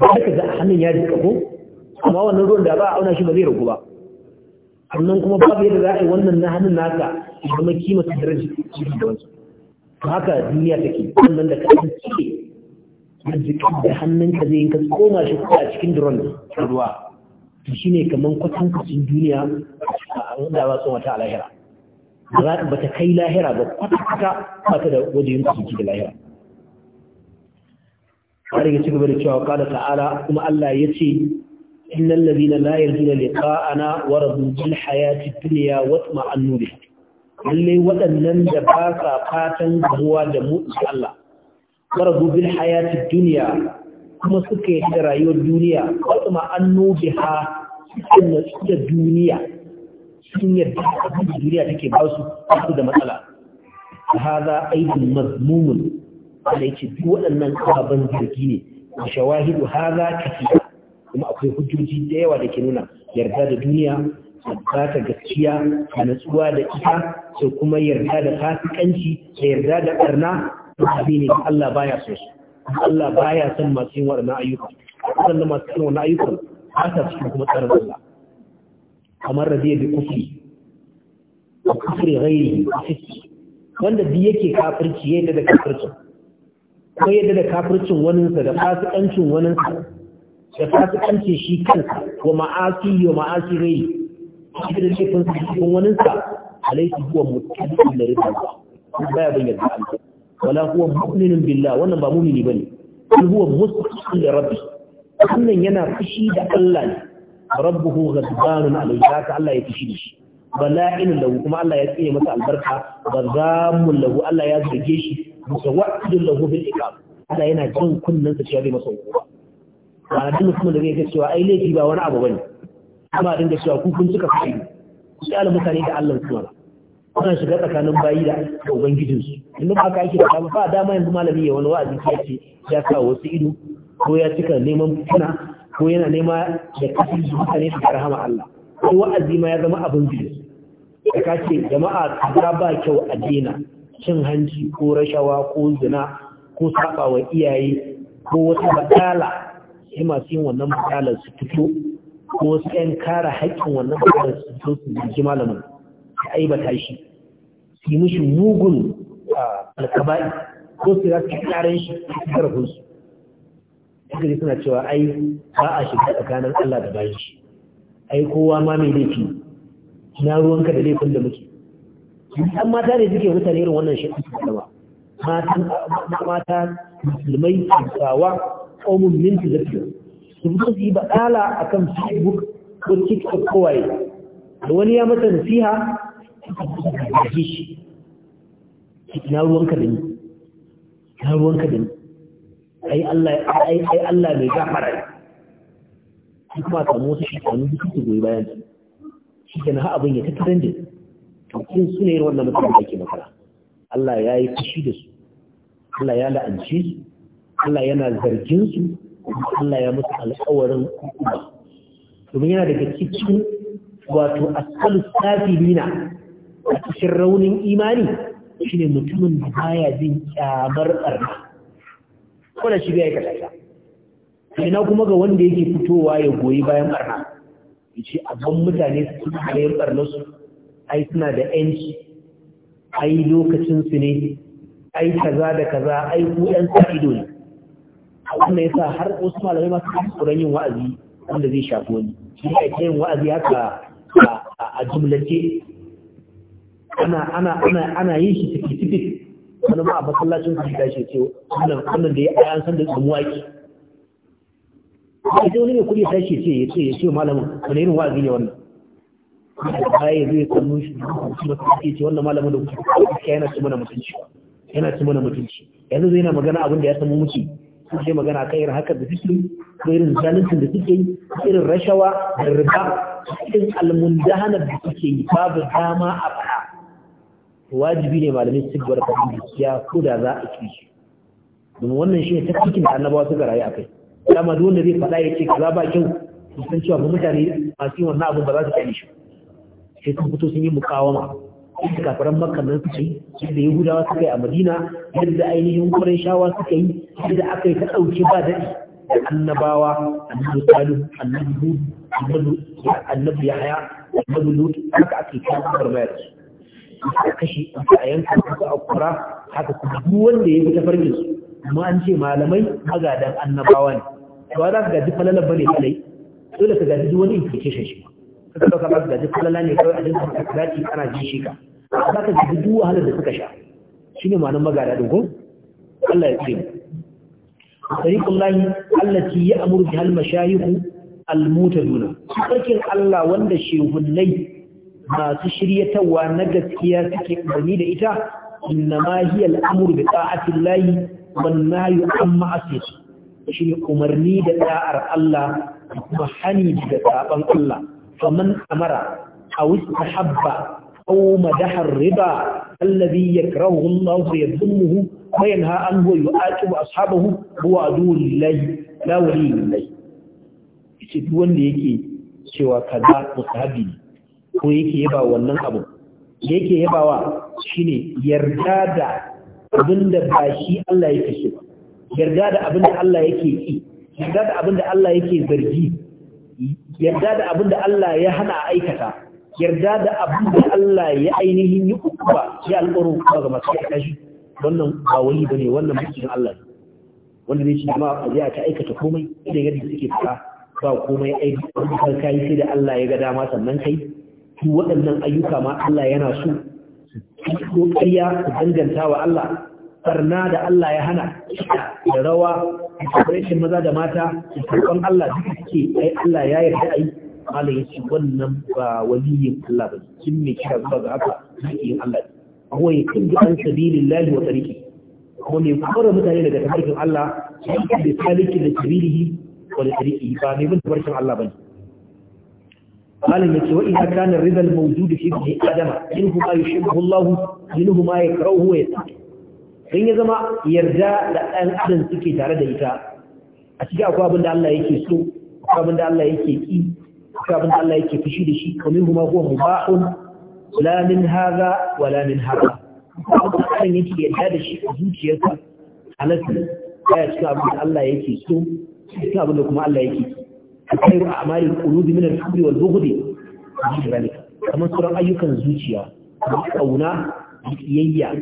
ba ka ga hannun ya jika ko amma wannan ruwan da ba a auna shi ba zai ragu ba hannun kuma babu yadda za a yi wannan na hannun naka ya zama kima ta daraja cikin da wancan to haka duniya take wannan da ka cike arzikin da hannunka zai yi ka koma shi a cikin duron ruwa to ne kaman kwatan duniya a wanda ba tsohon ta lahira ba ta kai lahira ba kwatanta ba ta da wajen kusurci da lahira har yi ci gaba da cewa kada ta'ala kuma Allah ya ce إن liqa'ana لا يرجون لقاءنا ورضوا بالحياة الدنيا واطمأنوا بها lalle wadannan da ba sa fatan zuwa da mu Allah waradu bil hayati dunya kuma suka yi da rayuwar duniya kuma annu biha suka natsu da duniya sun yadda abin da duniya take ba su su da matsala hadha aidun mazmumun da yake duk wadannan ababen zargi ne wa shawahidu hadha kafi kuma akwai hujjoji da yawa da ke nuna yarda da duniya yarda da gaskiya a natsuwa da ita da kuma yarda da fasikanci da yarda da ƙarna abi ne da Allah baya so su Allah baya son masu yin waɗannan ayyuka da masu yin waɗannan ayyukan ba ta cikin kuma tsarin Allah kamar da zai bi kufri wa kufri a fiski wanda bi yake kafirci ya yi da kafircin ko yadda da kafircin waninsa da fasikancin waninsa da fasikanci shi kansa wa ma'asi wa ma'asi rai shi da laifin sa cikin wani sa alaihi huwa mutabbiqun da riba baya bin yadda Allah wala huwa mu'minun billah wannan ba mu'mini bane in huwa mustaqim da rabbi wannan yana fushi da Allah ne rabbuhu ghadbanun alayhi haka Allah ya fushi da shi bala'in lahu kuma Allah ya tsine masa albarka bazamun lahu Allah ya zage shi musawwadun lahu bil iqab Allah yana jin kunnan sa cewa zai masa hukuma ba da mutumin da zai ga cewa ai laifi ba wani abu bane amma dinga cewa ku kun suka fashi shi ala mutane da Allah kuma wannan shiga tsakanin bayi da ubangijin su inda ba ka yake da ba fa dama yanzu malami ya wani wa'azi ya ce ya kawo wasu ido ko ya cika neman kuna, ko yana nema da kafin mutane su rahama Allah ko wa'azi ma ya zama abin biyu da ka ce jama'a kaza ba kyau a dena cin hanci ko rashawa ko zina ko saba iyaye ko wata batala sai masu yin wannan matsalar su fito ko sai kara haƙƙin wannan matsalar su fito su jirgi malamin su aibata shi su yi mishi mugun alkaba'i ko su za su ƙaran shi a karfin su suka ji suna cewa ai ba a shiga tsakanin Allah da bayan shi ai kowa ma mai laifi na ruwanka da laifin da muke an mata ne suke mutane irin wannan shi mata musulmai tsawa qaumun min tijati su fito su yi badala akan facebook ko tiktok ko da wani ya mata nasiha ka shi na ruwanka da ni na ruwanka da ni ai Allah ai Allah mai gafara ne kuma ka musu shi kan duk su goyi bayan shi kenan har abin ya tattaran da to kin sune wannan mutum da ke makara Allah ya yi fushi da su Allah ya la'anci su Allah yana zargin su Allah ya musu alƙawarin hukuma domin yana daga cikin wato asalu safilina a cikin raunin imani shine mutumin da baya jin kyamar barna ko da shi bai kasa ta ina kuma ga wanda yake fitowa ya goyi bayan barna yace abban mutane su suna da su ai suna da yanci ai lokacin ne ai kaza da kaza ai ku yan sa ido ne wannan yasa har wasu malamai masu kuran yin wa'azi wanda zai shafi wani shi ne yin wa'azi haka a jumlace ana ana yin shi tafi tafi wani ma a masallacin su da shi ce wannan da ya ayi an san da tsamuwa ki sai wani mai kudi sai shi ce ya ce ya ce malamin wani irin wa'azi ne wannan baya zai sannu shi kuma sai ce wannan malamin da kuka yana ci mana mutunci yana ci mana mutunci yanzu zai na magana abin da ya samu muke sun je magana kan irin haka da suke ko irin zaluncin da suke irin rashawa da riba irin almundahana da suke yi babu dama a fara wajibi ne malamai su gwar da gaskiya ko da za a ci shi domin wannan shi ne tafikin da annabawa suka rayu a kai dama duk wanda zai faɗa ya ce kaza ba kyau sun san cewa mutane masu yin wannan abin ba za su kai shi sai sun fito sun yi mukawama yadda kafiran makka nan suke yi yadda yahudawa suka yi a madina yadda ainihin kuren shawa suka yi yadda aka yi ta ɗauke ba daɗi da annabawa annabi salu annabi hud annabi haya annabi lut haka ake ta farmaya da su suka kashe a yanka suka a kura haka kuma duk wanda ya fi tafarkin su amma an ce malamai magadan annabawa ne ba za ka gaji falala bane kalai dole ka gaji wani implication shi ka ɗauka ba ka gaji falala ne kawai a jinsa ka ana ji shi ka za ka ji duk wahalar da suka sha ne ma'anar magada ɗin ko Allah ya tsare mu tariqul lahi allati ya'muru bihal mashayikh almutaduna sarkin Allah wanda shehunnai masu shiryatawa na gaskiya suke umarni da ita innama hiya al'amru bi ta'ati ban wan nahyu an ma'asiyati shine umarni da ɗa'ar Allah kuma hani da saban Allah faman amara aw habba. أو مدح الربا الذي يكرهه الله ويذمه وينهى عنه ويؤاتب أصحابه هو عدو لله لا ولي لله yace duk wanda yake cewa kaza musahabi ko yake yaba wannan abu yake yabawa shine yarda da abinda ba shi Allah yake shi ba yarda da abin da Allah yake ki yarda da abin da Allah yake zargi yarda da abin da Allah ya hana aikata yarda da abin da Allah ya ainihin yi uku ba ya alƙaru ba ga masu aikata kashi, wannan ba wani ne wannan mutum Allah ne wanda ne shi ma a ta aikata komai idan yadda suke fara ba komai aiki wanda kan kai sai da Allah ya ga dama sannan kai su waɗannan ayyuka ma Allah yana so ko ƙarya su danganta wa Allah barna da Allah ya hana da rawa da maza da mata da Allah duk suke ai Allah ya yarda ai malam ya ce wannan ba waliyin Allah ba kin ne kira zuwa ga haka waliyin Allah ne. ko ya kin ji an sabilillahi wa tariqi ko ne kora mutane daga tafarkin Allah sai da saliki da sabilihi wa da tariqi ba ne bin tafarkin Allah bane malam ya ce wa idza kana ridal da fi ibni adama inhu ma yushibbu Allah minhu ma yakrahu ya yataqa dan ya zama yarda da ɗan adam suke tare da ita a cikin akwai abin da Allah yake so akwai abin da Allah yake ki akwai abin da Allah yake fushi da shi kamin huma huwa mubahun la min hadha wa la min hadha abin da yake yadda da shi a zuciyarsa halatta ya cika abin da Allah yake so cika abin da kuma Allah yake khairu a'mali al-qulub min al-hubbi wal bughdi kamar sauran ayyukan zuciya kauna kiyayya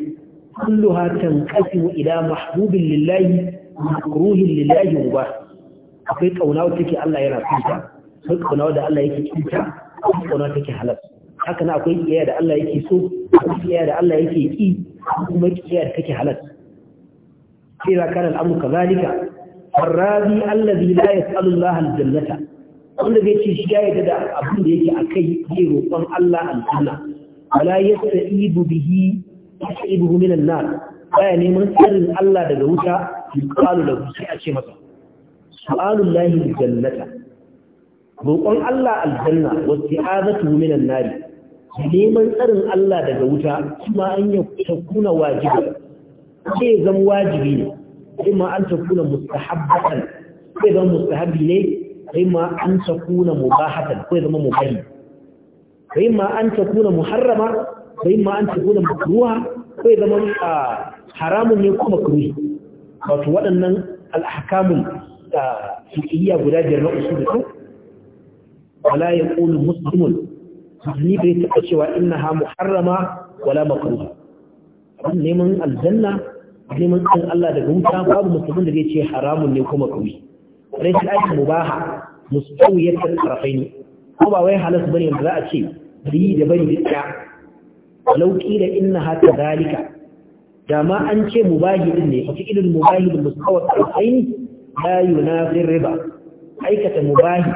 كلها تنقسم إلى محبوب لله مكروه لله مباح akwai kauna wacce ke Allah yana son ta na da Allah yake kinta tattauna take halal haka na akwai kiyaya da Allah yake so akwai kiyaya da Allah yake ki kuma kiyaya da take halal sai ra kana al'amu kazalika الراضي الذي لا يسأل الله الجنة wanda zai ce shi ya yarda da abin da yake kai zai roƙon Allah aljanna wala yasta'ibu bihi yasta'ibu min an nan, baya neman tsarin Allah daga wuta yuqalu da sai a ce masa su'alullahi aljannata roƙon Allah aljanna wasu azatu minan nari neman tsarin Allah daga wuta kuma an yi takuna wajibi sai zama wajibi ne sai ma an takuna mustahabbatan sai zama mustahabbi ne sai ma an takuna mubahatan sai zama mubahi sai ma an takuna muharrama sai ma an takuna makruha sai zama haramun ne kuma makruhi wato waɗannan al-ahkamul fiqhiyya guda biyar na usul wala ya ƙulu ni musulmi bai taɓa cewa inna ha muharrama wala makaruha abin neman aljanna neman ɗan Allah daga wuta babu musulmin da zai ce haramun ne kuma kawai rai shi ake mubaha musulmiyar karfai ne ko ba wai halas bane da za a ce yi da bari da ɗaya walau ƙila inna ha ta zalika da ma an ce mu mubahi din ne fafi ilin mubahi da musawar karfai ne na zai riba aikata mu mubahi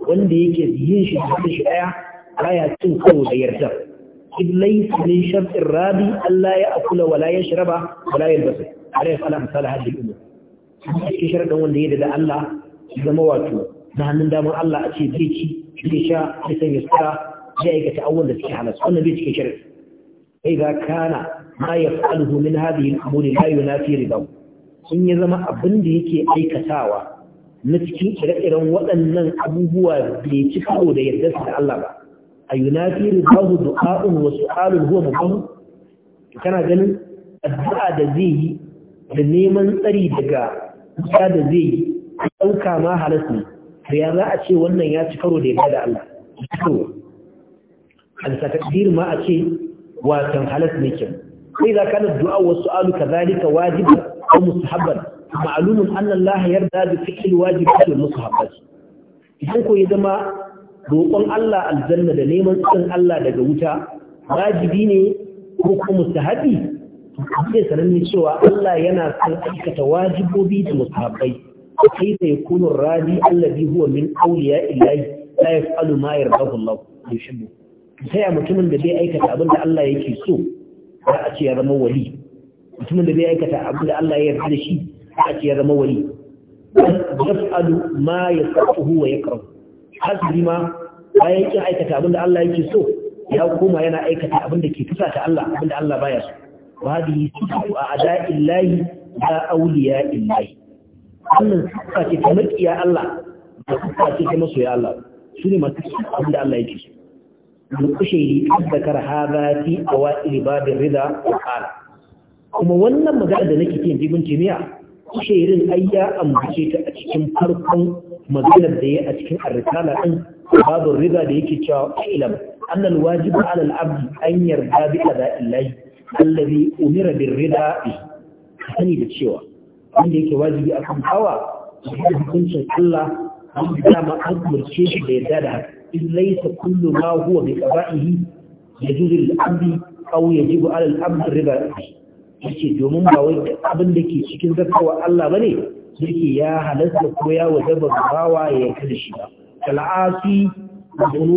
wanda yake yin shi da shi daya baya cin karo da yarda in laysa min shartir rabi Allah ya akula wala yashraba wala yalbasa alai salam salah hadil umur shi sharadin wanda yake da Allah zama wato da hannun damar Allah a ce zai ci zai sha zai ya suka zai aikata awon da suke halas wannan bai cikin shirin. Sai ga kana ma yaf'aluhu min hadhihi al-umuri la yunafi ridahu in ya zama abin da yake aikatawa na cikin ire-iren waɗannan abubuwa bai ci karo da yarda da Allah ba a yunafi rizahu du'a'un wa su'alun huwa Ka kana ganin addu'a da zai yi da neman tsari daga kusa da zai yi ɗauka ma halas ne da ya za a ce wannan ya ci karo da yadda da Allah to a ma a ce watan halas ne kyau sai za ka na du'a wasu ka zalika wajiba ko musu habbar ma'alumin annan laha yarda da fi'il wajibi da musahabbat idan ko ya zama roƙon Allah aljanna da neman tsarin Allah daga wuta wajibi ne ko kuma mustahabi zai sanannin cewa Allah yana son aikata wajibobi da musahabbai kai sai kunu radi allazi huwa min awliya illahi la yaf'alu ma yardahu Allah yushibbu sai mutumin da bai aikata abin da Allah yake so a ce ya zama wali mutumin da bai aikata abin da Allah ya yarda da shi aka ake ya zama wali yaf'alu ma yasquhu wa yakrahu hasbi ma bayan kin aikata abinda Allah yake so ya koma yana aikata abinda ke tusa ta Allah abinda Allah baya so wa hadihi sifatu a'da'illahi da awliya'illahi wannan sifa ce ta makiya Allah da sifa ce ta masoya Allah su ne masu abinda Allah yake so al-kushairi tabbatar hadha fi awail babir rida wa qala kuma wannan magana da nake cikin jibin jami'a kusherin ai ya ambace ta a cikin farkon maganar da ya a cikin arrisala din babu riba da yake cewa ilam annal wajibu ala al-abd an yarda bi qada illahi allazi umira bir rida sani da cewa wanda yake wajibi akan hawa da hukuncin Allah wanda dama an umarce shi da yarda da haka in laysa kullu ma huwa bi qada'ihi yajuzu lil-abd aw yajibu ala al-abd riba yake domin ba wai abin da ke cikin zakawa Allah bane yake ya halasta ko ya ba bawa ya yanka da shi ba kal'asi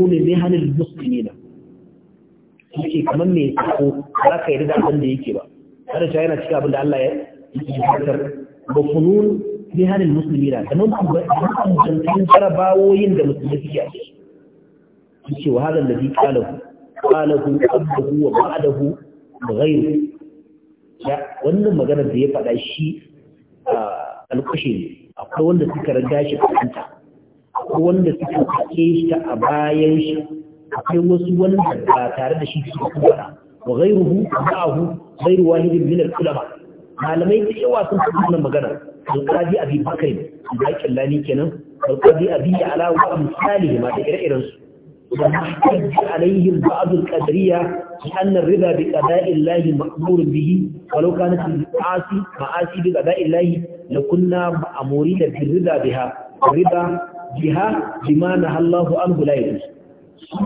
ne mihanil muslimina yake kamar mai sako za ka yarda abin da yake ba kada ta yana cikin abin da Allah ya yi fatar ba funun musulmi na. kamar kubantan jarabawoyin da musulmi suke a ciki yake wa da ladhi kalahu kalahu abduhu wa ba'dahu ghayruhu wannan maganar da ya faɗa shi alkushe ne akwai wanda suka riga shi fahimta akwai wanda suka kake shi ta a bayan shi akwai wasu wanda ba tare da shi suka kubara wa gairu ghairuhu ma'ahu ghairu wahidin min al-ulama malamai da yawa sun faɗi wannan magana alqadi abi bakari da killani kenan alqadi abi ala wa misalihi ma da ire-iren su da mahtaj alaihim ba'd al-qadariyya لأن الرضا بقضاء الله مأمور به ولو كانت المعاصي معاصي بقضاء الله لكنا مأمورين بالرضا بها الرضا بها بما نهى الله عنه لا يجوز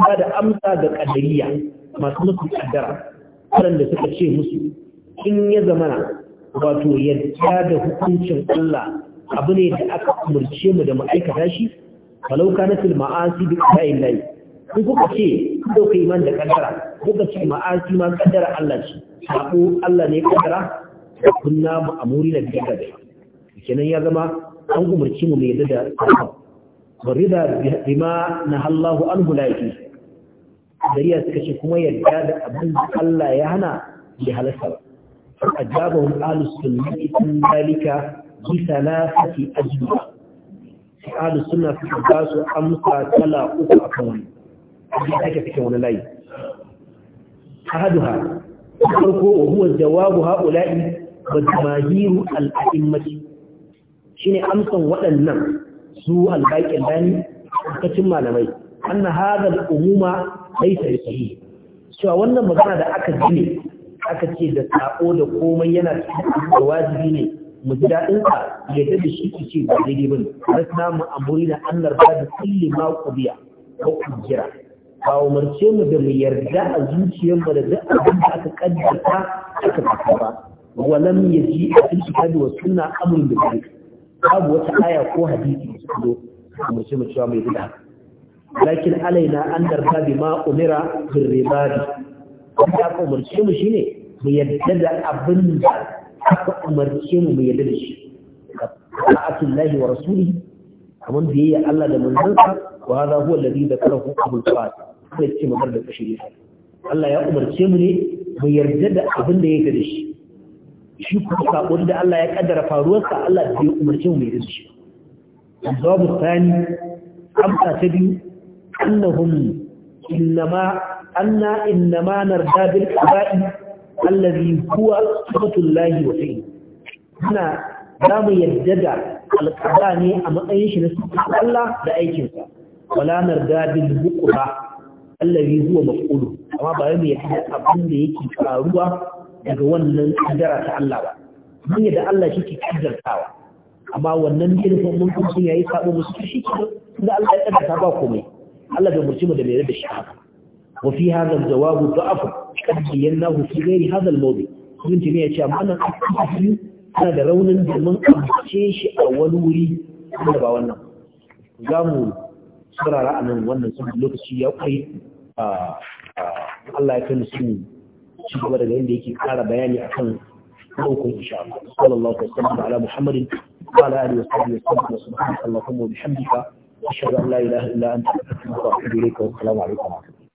هذا أمسى بالقدرية ما سنك القدرة ولن لسكت شيء مسلم إن يزمنا wato yadda da hukuncin Allah abu ne da aka umarce mu da mu aikata shi falau kana fil ma'asi bi qada'illahi in kuka ce kuka iman da kaddara kuka ce ma'asi ma kaddara Allah ce sabo Allah ne kaddara kunna mu amuri na biya da kenan ya zama an umarci mu mai da sabo warida bima nahallahu anhu la yake ya suka ce kuma yadda da abin da Allah ya hana ya halasta ba ajabahum ahlus sunnati an dalika bi thalathati ajwa ahlus sunna suka ba su amsa kala uku akan wani ake cikin wani layi ahaduha farko huwa jawabu haula'i wa jamahiru al-a'immati shine amsan waɗannan su al-baqi dani kacin malamai anna hadha al-umuma laysa sahih cewa wannan magana da aka ji aka ce da sako da komai yana da wajibi ne mu ji daɗin sa ya da shi ki ce ba daidai bane rasna mu amuri da annar ba da kulli ma qubiya ko kujira ba umarce mu da mu yarda a zuciyarmu mu da duk abin da aka kaddata aka fata ba walam yaji a cikin kitabi wa sunna amrun bil ma'ruf babu wata aya ko hadisi da zo mu cewa mu yarda da haka lakin alaina an darba bi ma umira bil ribadi wanda aka umarce mu shine mu yarda da abin da aka umarce mu mu yarda da shi ta'atullahi wa rasulihi kamar biyayya Allah da manzansa wa hadha huwa alladhi dhakarahu Abu Sa'id kada ce magar da kashi Allah ya umarce mu ne mu yarda da abin da ya gada shi shi kuma da Allah ya kaddara faruwarsa Allah ya umarce mu mu yarda da shi jawabu tsani amsa ta biyu annahum innama anna innama narda bil qaba'i allazi huwa sifatullahi wa fi'li muna za mu yarda da alƙada ne a matsayin shi na sifar Allah da aikinsa wala narda bil buqra allazi zuwa makulu amma ba wai mai yadda abin da yake faruwa daga wannan kaddara ta Allah ba mun yadda Allah shi ke kaddartawa amma wannan jirgin mun ya sun yayi sabo musu shi ke da Allah ya kaddara ba komai Allah bai murci mu da mai da shi haka wa fi hadha al-jawab da'af kad fi ghairi hadha al-mawdi ibn timiya ya ce amma nan ana da raunin da mun shi a wani wuri da ba wannan zamu saurara a nan wannan sun lokaci ya kai Allah ya kai su ci gaba daga yadda yake kara bayani akan ɗaukun isha sallallahu alaihi wasallam ala muhammadin wa ala alihi wasallam wa subhanallahi wa bihamdika ashhadu an la ilaha illa anta astaghfiruka wa atubu ilayk wa assalamu alaikum